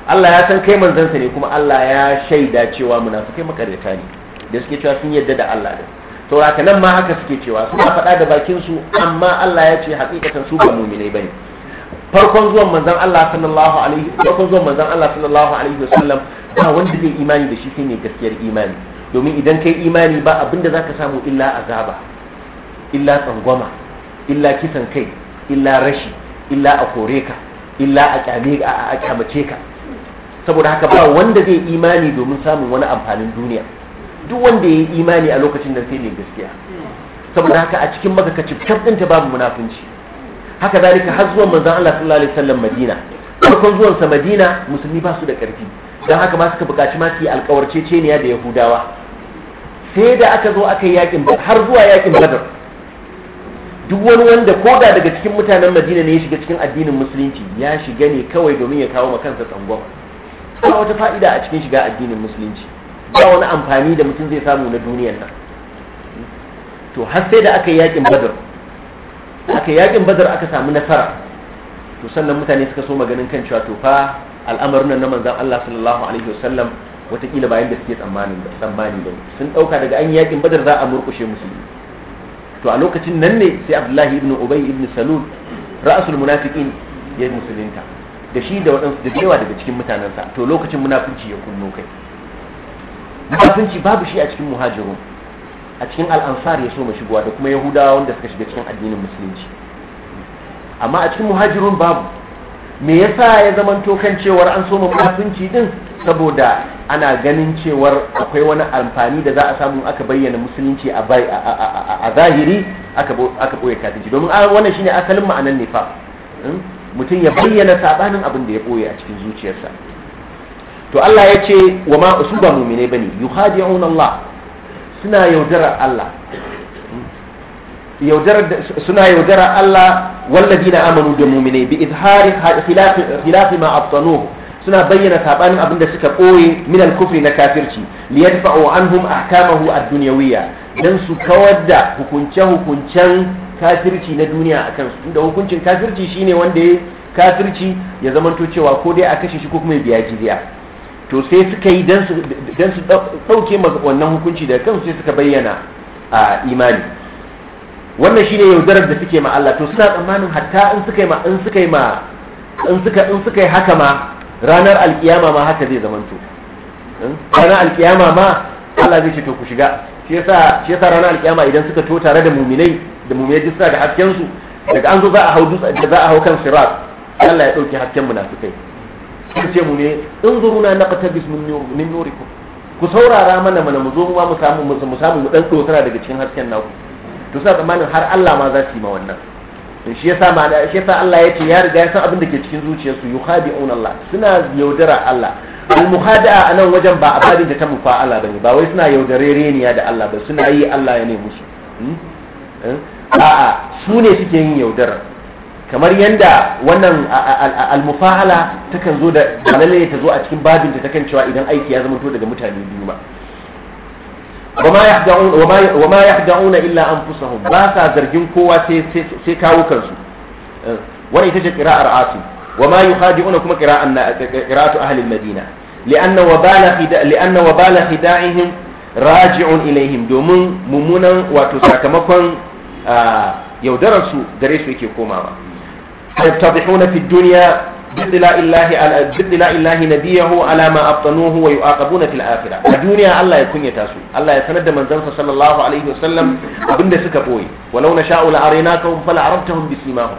Allah ya san kai manzansa ne kuma Allah ya shaida cewa munafikai makaryata ne da suke cewa sun yadda da Allah ne sauraka nan ma haka suke cewa suna faɗa da bakin su amma Allah ya ce hakikatan su ba muminai bane farkon zuwan manzon Allah sallallahu alaihi farkon zuwan manzon Allah sallallahu alaihi wasallam ba wanda zai imani da shi sai mai gaskiyar imani domin idan kai imani ba abinda zaka samu illa azaba illa tsangwama illa kisan kai illa rashi illa a kore ka illa a kyame a kyamace ka saboda haka ba wanda zai imani domin samun wani amfanin duniya duk wanda yayi imani a lokacin da sai mai gaskiya saboda haka a cikin maka ka ta babu munafunci haka zalika har zuwan manzon Allah sallallahu alaihi wasallam Madina farkon zuwan sa Madina musulmi ba su da karfi dan haka ma suka bukaci ma su yi alƙawarceceniya da Yahudawa sai da aka zo aka yi yakin har zuwa yakin Badr duk wani wanda ko da daga cikin mutanen Madina ne ya shiga cikin addinin musulunci ya shiga ne kawai domin ya kawo ma kansa ba wata fa'ida a cikin shiga addinin musulunci ba wani amfani da mutum zai samu na duniyar nan to har sai da aka yi yakin Badr aka yakin bazar aka samu nasara to sannan mutane suka so maganin kan cewa to fa al'amarin nan na manzon Allah sallallahu alaihi wasallam watakila bayan da suke tsammanin ba tsammani ba sun dauka daga an yakin bazar za a murkushe musulmi to a lokacin nan ne sai Abdullahi ibn Ubay ibn Salul ra'sul munafiqin ya musulunta da shi da waɗansu da yawa daga cikin mutanensa to lokacin munafunci ya kunno kai munafunci babu shi a cikin muhajirun a cikin al'ansar ya so mu shigowa da kuma yahudawa wanda suka shiga cikin addinin musulunci amma a cikin muhajirun babu me yasa ya zamanto kan cewar an so mu musulunci din saboda ana ganin cewar akwai wani amfani da za a samu aka bayyana musulunci a zahiri aka ɓoye kafirci domin wannan shine asalin ma'anar nifa hmm? mutum ya bayyana sabanin abin da ya ɓoye a cikin zuciyarsa to Allah ya ce wa ma usuba mu'mine bane yuhadi'un Allah suna yaudarar Allah suna yaudarar Allah wallazi na amanu da mumine bi izhari khilafi ma abtanu suna bayyana sabanin abin da suka koye min al-kufri na kafirci li yadfa'u anhum ahkamahu ad-dunyawiyya dan su kawar da hukunce hukuncen kafirci na duniya akan su da hukuncin kafirci shine wanda ya kafirci ya zamanto cewa ko dai a kashe shi ko kuma ya biya jizya to sai suka yi don su ɗauke wannan hukunci da kansu sai suka bayyana a imani wannan shi ne yaudarar da suke ma Allah to suna tsammanin hatta in suka yi ma in suka yi haka ma ranar alkiyama ma haka zai to hmm? ranar alkiyama ma Allah zai ce to ku shiga shi yasa shi ranar alkiyama idan suka to tare da muminai da muminai duk da hasken su daga an zo za a hau za a hau kan sirat Allah ya dauke hasken munafikai sun ce mu ne in zuruna na qatabis nin nori ku saurara mana mana mu zo mu samu mu samu mu dan daga cikin hasken naku to sai tsammanin har Allah ma za su yi ma wannan shi yasa ma shi yasa Allah ya ce ya riga ya san abin da ke cikin zuciyarsu yuhadi'un Allah suna yaudara Allah al-muhada'a nan wajen ba abadin da ta mufa Allah bane ba wai suna yaudare reniya da Allah ba suna yi Allah ya ne musu hmm? hmm? a'a su ne suke yin yaudara kamar yanda wannan almufahala kan zo da lalle ta zo a cikin babin ta takan cewa idan aiki ya zama to daga mutane biyu ba wa ma yahda'una illa anfusahum ba sa zargin kowa sai sai kawo kansu eh, wani ita ce qira'ar asim wa ma yukhadi'una kuma qira'an qira'atu ahli al-madina li'anna wabala li'anna wabala khida'ihim raji'un ilaihim domin mummunan wato sakamakon ah, yaudararsu gare su yake komawa فيتضحون في الدنيا باطلاء الله على باطلاء الله نبيه على ما ابطنوه ويعاقبون في الاخره الدنيا الله يكون يتاسو الله يسند من زنسه صلى الله عليه وسلم ابن سكا بوي ولو نشاء لاريناكم فلعرفتهم بسيماهم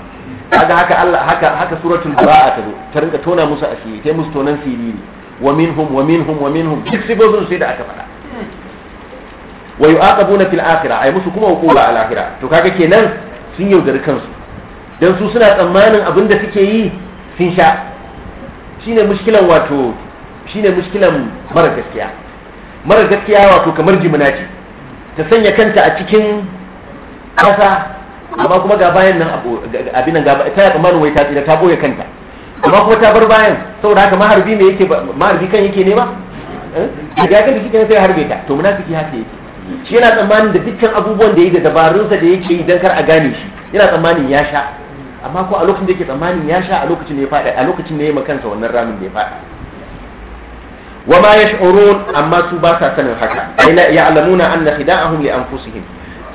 هذا هكا الله هكا هكا سوره البراءه تزو ترنك تونا موسى اسيري تي موسى تونن سيريري ومنهم ومنهم ومنهم duk sibobin sai da aka faɗa wa yu'aqabuna fil akhirah ay musu kuma hukuma al akhirah to kaga kenan sun yaudari kansu don su suna tsammanin abin da suke yi sun sha shine mushkilan wato shine mushkilan mara gaskiya mara gaskiya wato kamar jimina ce ta sanya kanta a cikin ƙasa amma kuma ga bayan nan abin nan gaba ta tsammanin wai ta tsira ta boye kanta amma kuma ta bar bayan saboda haka maharbi me yake maharbi kan yake nema eh? a ga kan shi sai harbe ta to munafiki haka yake shi yana tsammanin da dukkan abubuwan da yake da dabarunsa da yake yi don kar a gane shi yana tsammanin ya sha amma ko a lokacin da yake tsammanin ya sha a lokacin da ya faɗa a lokacin da ya yi kansa wannan ramin da ya faɗa wa ma yash'urun amma su ba sa sanin haka na la ya'lamuna anna khida'ahum li anfusihim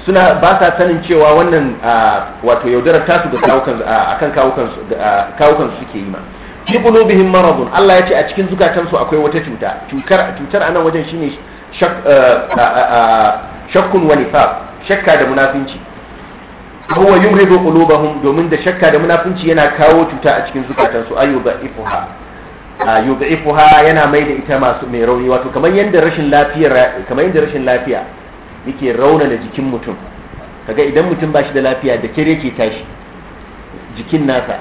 suna ba sa sanin cewa wannan wato yaudarar su ga kawukan akan kawukan kawukan suke yi ma fi qulubihim maradun Allah ya ce a cikin su akwai wata cuta cutar cutar anan wajen shine eh, shakkun wa nifaq shakka da munafinci huwa yumridu qulubahum domin da shakka da munafunci yana kawo cuta a cikin zukatansu ayyuba ifuha yoga ifuha yana mai da ita masu mai rauni wato kamar yadda rashin lafiya kamar yadda rashin lafiya yake da jikin mutum kaga idan mutum ba shi da lafiya da kere ke tashi jikin nasa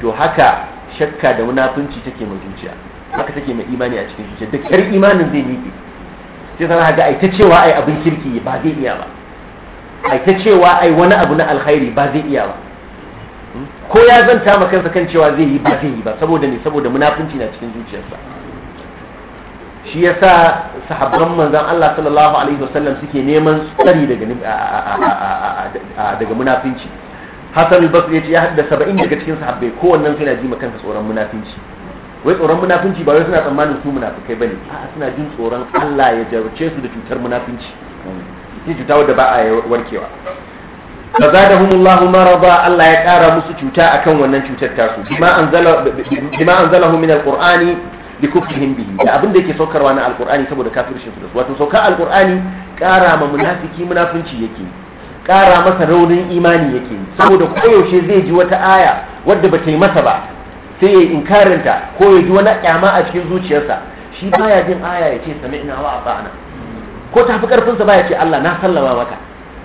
to haka shakka da munafunci take mai zuciya haka take mai imani a cikin zuciya da kyar imanin zai miƙe sai sana ga aita ta cewa ai abin kirki ba zai iya ba a cewa ai wani abu na alkhairi ba zai iya ba ko ya zanta ma kansa kan cewa zai yi ba zai yi ba saboda ne saboda munafunci na cikin zuciyarsa shi yasa sahabban manzon Allah sallallahu alaihi wasallam suke neman tsari daga daga munafunci Hassan al-Basri yace ya haddasa 70 daga cikin sahabbai kowannen sai na ji kansa tsoron munafunci wai tsoron munafunci ba wai suna tsammanin su munafukai bane a'a suna jin tsoron Allah ya jarce su da cutar munafunci sai cuta wadda ba a warkewa fa zadahumullahu marada Allah ya kara musu cuta akan wannan cutar tasu bima anzala zala anzalahu min alqur'ani bi bihi da abin da yake saukarwa na alqur'ani saboda shi su wato sauka alqur'ani kara ma munafiki munafinci yake ƙara masa raunin imani yake saboda koyaushe zai ji wata aya wadda ba ta yi masa ba sai ya inkarinta ko ya ji wani ƙyama a cikin zuciyarsa shi baya jin aya ya ce ina wa ba'ana ko ta fi karfinsa baya ce Allah na sallama maka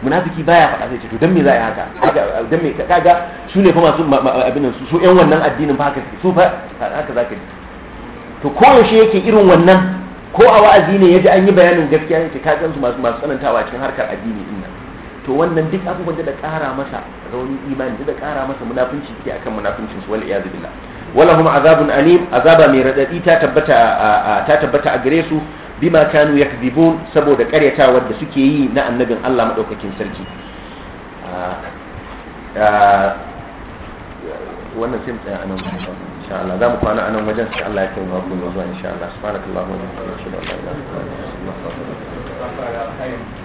munafiki baya faɗa sai ce to dan me za a yi haka dan me kaga su ne fa masu abin nan su yan wannan addinin fa haka su fa haka zaka ji to ko shi yake irin wannan ko a wa'azi ne yaji an yi bayanin gaskiya ne ka gansu masu masu tsanantawa cikin harkar addini din nan to wannan duk abubuwan da ƙara masa rauni imani da ƙara masa munafunci ke akan munafuncin su wal iyad billah wala hum azabun alim azaba mai radadi ta tabbata ta tabbata a gare su bima kanu yakdibun saboda karyatawar da suke yi na annabin Allah madaukakin sarki ah, ah, wannan sai tsaya anan insha Allah zamu kwana anan wajen sai Allah ya kai mu abun zuwa insha Allah subhanallahi wa bihamdihi wa la ilaha illa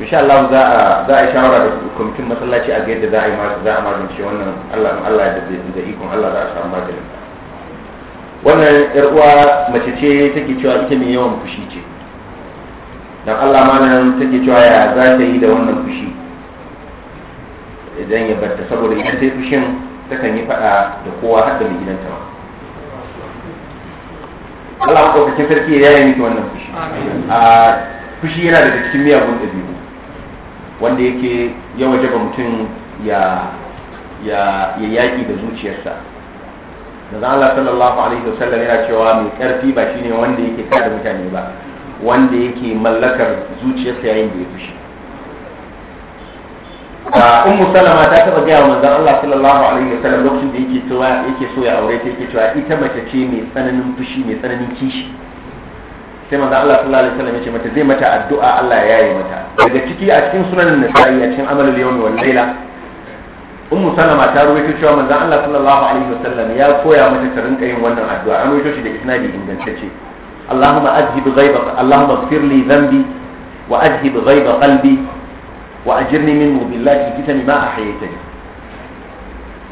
insha Allah za a za a shawara da kwamitin masallaci a ga yadda za a yi za a magance wannan Allah in Allah da da ikon Allah za a samu maganin wannan yar uwa mace ce take cewa ita mai yawan fushi ce dan Allah ma nan take cewa ya za ta yi da wannan fushi idan ya barta saboda ita sai fushin takan yi fada da kowa har da mai gidanta ma Allah ko kake sarki ya yi miki wannan fushi a ah, fushi yana daga cikin miyagun dabi'u wanda yake ya wajaba mutum ya ya yaƙi da zuciyarsa da Allah sallallahu alaihi wasallam yana cewa mai ƙarfi ba shine wanda yake kada mutane ba wanda yake mallakar zuciyarsa yayin da ya fushi a ummu salama ta taba gaya wa manzon Allah sallallahu alaihi wasallam lokacin da yake yake so ya aure ta yake cewa ita mace ce mai tsananin fushi mai tsananin kishi sai manzon Allah sallallahu alaihi wasallam ya ce mata zai mata addu'a Allah ya yi mata daga ciki a cikin sunan nasa'i a cikin amal al-yawmi wal layla ummu salama ta rubuta cewa manzon Allah sallallahu alaihi wasallam ya koya mata ta rinka yin wannan addu'a an rubuta shi da isnadi ingantacce Allahumma azhib ghaiba Allahumma ighfir li dhanbi wa azhib ghaiba qalbi wa ajirni min mudillati kitani ma ahyaytani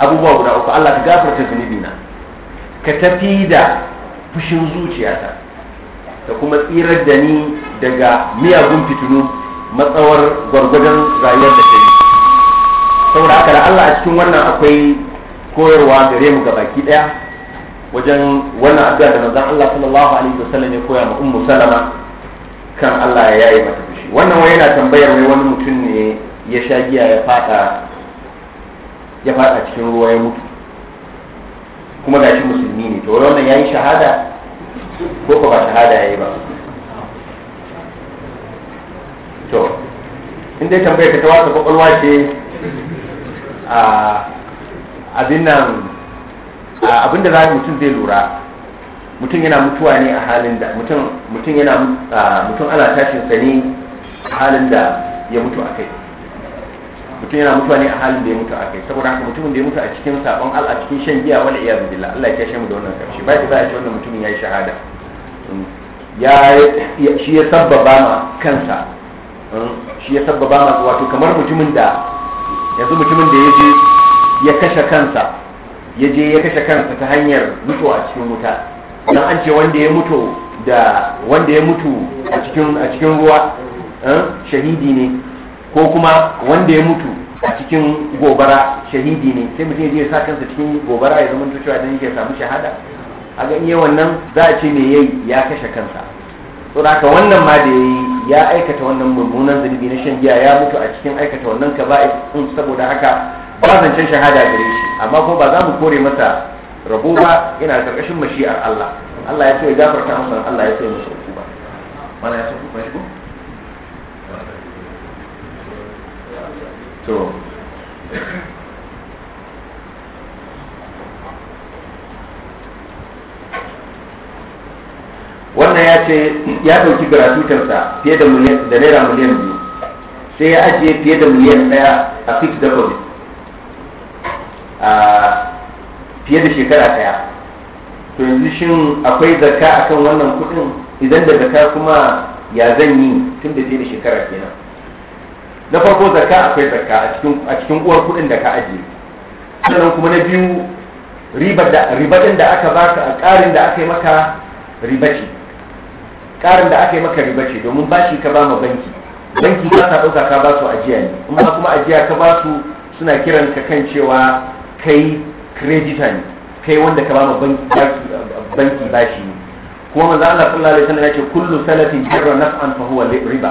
abubuwa guda uku Allah ka gafarta zunubina ka tafi da fushin zuciyata ta kuma tsirar da ni daga miyagun fitilu. matsawar gwargwadon rayuwar da ta yi saboda haka da Allah a cikin wannan akwai koyarwa gare mu baki daya wajen wannan addu'a da manzon Allah sallallahu alaihi wasallam ya koya ma ummu salama kan Allah ya yayi mata fushi wannan wai yana tambayar wai wani mutum ne ya sha giya ya fada ya fada cikin ruwa ya mutu kuma gashi musulmi ne to wannan yayi shahada ko ba shahada ya yi ba to in dai tambayar ta wata kwakwalwa ce a abin nan abin da za a mutum zai lura mutum yana mutuwa ne a halin da mutum yana mutum ana tashin sa ne a halin da ya mutu a kai mutum yana mutuwa ne a halin da ya mutu a kai saboda haka mutumin da ya mutu a cikin sabon al a cikin shan giya wani iya billah Allah ya kashe mu da wannan karshe bai ta za a ce wannan mutumin ya yi shahada ya shi ya sabbaba ma kansa Hmm? shi ya ba ma wato kamar mutumin da yanzu mutumin da ya je ya kashe kansa ya je ya kashe kansa ta hanyar mutu a cikin wuta dan an ce wanda ya mutu da wanda ya mutu a cikin a cikin ruwa hmm? shahidi ne ko kuma wanda ya mutu a cikin gobara shahidi ne sai mutum ya je sa kansa cikin gobara ya zama cewa dan yake samu shahada a ga wannan za a ce me yayi ya kashe kansa to haka wannan ma da yayi ya aikata wannan mummunan zunubi na shan giya ya mutu a cikin aikata wannan ka ba in saboda haka ba zancen shahada gare shi amma ko ba za mu kore masa rabo ba yana karkashin mashi'ar Allah Allah ya so ya gafarta masa Allah ya so ya musu ba mana ya so ku ko to wannan ya ce ya ɗauki gratuitarsa fiye da naira miliyan biyu sai ya ajiye fiye da miliyan ɗaya a fixed deposit a fiye da shekara ɗaya to yanzu shin akwai zakka akan wannan kuɗin idan da zakka kuma ya zan yi tun da fiye da shekara kenan na farko zakka akwai zakka a cikin uwar kuɗin da ka ajiye sannan kuma na biyu ribar da aka ba ka a ƙarin da aka yi maka riba ce karin da aka yi maka riba ce domin bashi ka ba ma banki banki ba ta ɗauka ka ba su ajiya ne amma kuma ajiya ka ba su suna kiran ka kan cewa kai creditor ne kai wanda ka ba ma banki bashi ne kuma manzo Allah sallallahu alaihi wasallam ya ce kullu salatin jarra naf'an fa huwa riba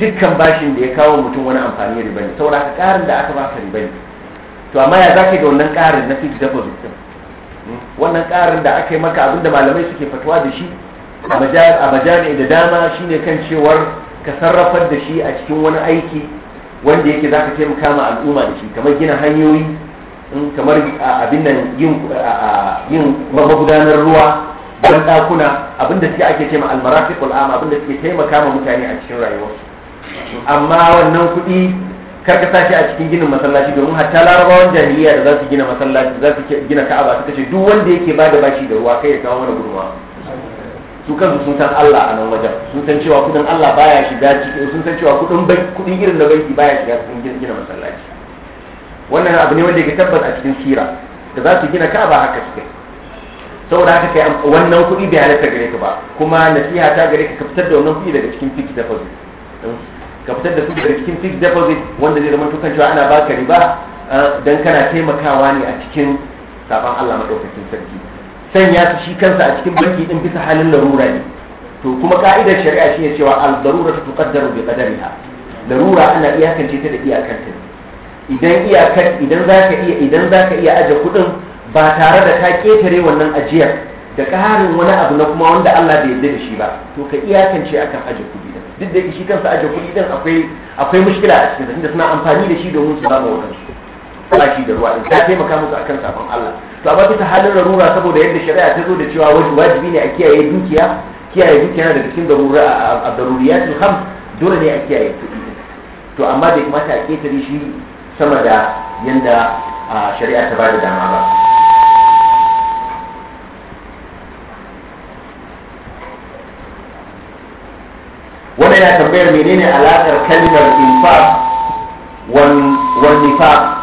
dukkan bashin da ya kawo mutum wani amfani riba ne saboda haka karin da aka ba ka riba ne to amma ya zaka da wannan karin na fixed deposit hmm? wannan karin da aka yi maka abinda malamai suke fatuwa da shi a majami da dama shine kan cewar ka sarrafar da shi a cikin wani aiki wanda yake za ka taimaka ma al'umma da shi kamar gina hanyoyi kamar abin nan yin magudanar ruwa don dakuna abinda suke ake ce ma almarafiqul abin da suke taimaka ma mutane a cikin rayuwarsu amma wannan kuɗi karka sa shi a cikin ginin masallaci domin hatta larabawan jahiliya da za su gina masallaci za su gina ka'aba suka ce duk wanda yake bada bashi da ruwa kai ya kawo mana gudunmawa su kansu sun san Allah a nan wajen sun san cewa kudin Allah baya shiga cikin sun san cewa kudin kudin irin da banki baya shiga cikin gina masallaci wannan abu ne wanda yake tabbata a cikin sira da za su gina Ka'aba haka cikin saboda haka kai wannan kudi bai halatta gare ka ba kuma nasiha ta gare ka ka fitar da wannan kudi daga cikin fixed deposit ka fitar da kudi daga cikin fixed deposit wanda zai zama tukan cewa ana baka riba eh, dan kana taimakawa ne a cikin saban Allah madaukakin sarki sanya su shi kansa a cikin banki din bisa halin larura ne to kuma ka'idar shari'a shi shine cewa al-darura tuqaddaru bi qadariha larura ana iyakance ta da iyakanta idan iyakar idan zaka iya idan zaka iya aje kuɗin ba tare da ta ketare wannan ajiyar da ƙarin wani abu na kuma wanda Allah bai yarda da shi ba to ka iyakance akan aje kudi din duk da shi kansa aje kudi din akwai akwai mushkila a cikin da suna amfani da shi domin su ba mu wannan shi da ruwa din ta taimaka musu akan sabon Allah to amma bisa halin rarura saboda yadda shari'a ta zo da cewa wajibi ne a kiyaye dukiya kiyaye dukiya daga cikin daruriyatul ham dole ne a kiyaye kuɗi to amma bai kamata a ketare shi sama da yadda shari'a ta bada dama ba wannan ya tambayar menene alakar kalmar infaq wal nifaq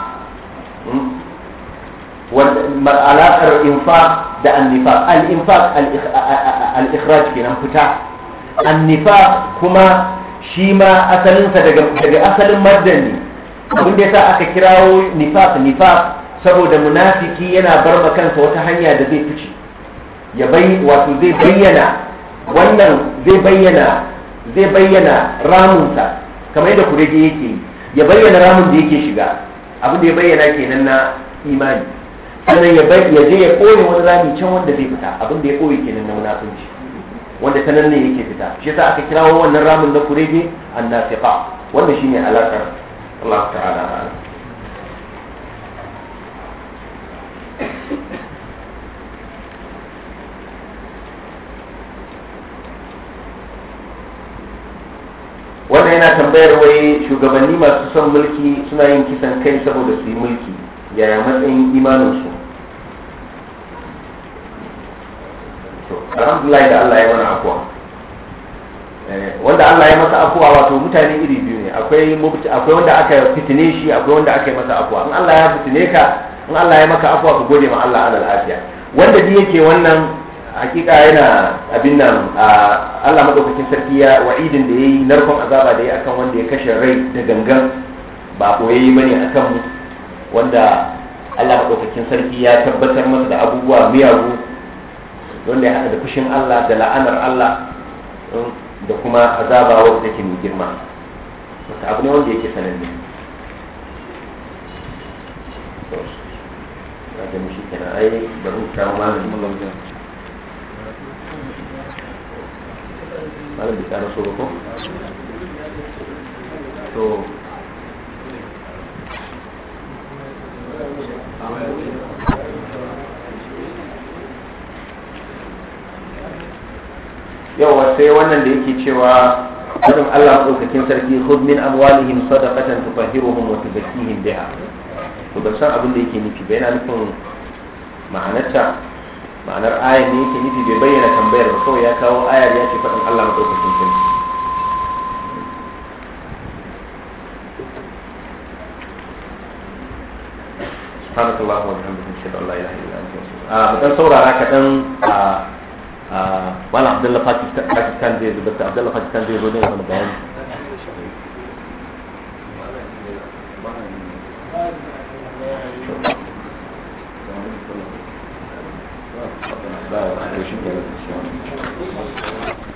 alaƙar infaq da annifaq al-infaq al-ikhraj kenan fita annifaq kuma shi ma asalinsa daga asalin maddani abin da yasa aka kirawo nifaq nifaq saboda munafiki yana bar kansa wata hanya da zai fice ya bai wato zai bayyana wannan zai bayyana zai bayyana ramunsa kamar yadda kurege yake ya bayyana ramun da yake shiga abin da ya bayyana kenan na imani sannan ya bai ya je ya koyi wani rami can wanda zai fita abin da ya koyi kenan na munafunci wanda ta nan ne yake fita shi yasa aka kirawo wannan ramin na kurege wanda wannan shine alaƙar Allah ta'ala wannan yana tambayar wai shugabanni masu son mulki suna yin kisan kai saboda su yi mulki yaya matsayin imaninsu to alhamdulillah da Allah ya mana afuwa eh, wanda Allah ya masa afuwa wato mutane iri biyu ne akwai akwai wanda aka fitine shi akwai wanda aka yi masa afuwa in Allah ya fitine ka in Allah ya maka afuwa ka gode ma Allah alal afiya wanda duk yake wannan hakika yana abin nan Allah madaukakin sarki ya wa'idin da yayi narkon azaba da yayi akan wanda ya kashe rai da gangan ba yayi bane akan mu wanda Allah madaukakin sarki ya tabbatar masa da abubuwa miyagu wanda ya haɗa da fushin Allah da la'anar Allah um, da kuma azaba wadda take mai girma wata abu ne wanda yake sananne na da da yawa sai wannan da yake cewa fadin Allah madaukakin sarki hud min amwalihim sadaqatan tufahiruhum wa tuzakkihim biha to ban san abin da yake nufi ba yana nufin ma'anarta ma'anar ayar ne yake nufi bai bayyana tambayar ba kawai ya kawo ayar ya ce fadin Allah madaukakin sarki سبحانك اللهم وبحمدك نشهد ان لا اله الا انت نستغفرك. آه بتن هكذا آه wala abdullah pakistan zai zo dr abdullah pakistan zai zo ne wani bayani Thank you.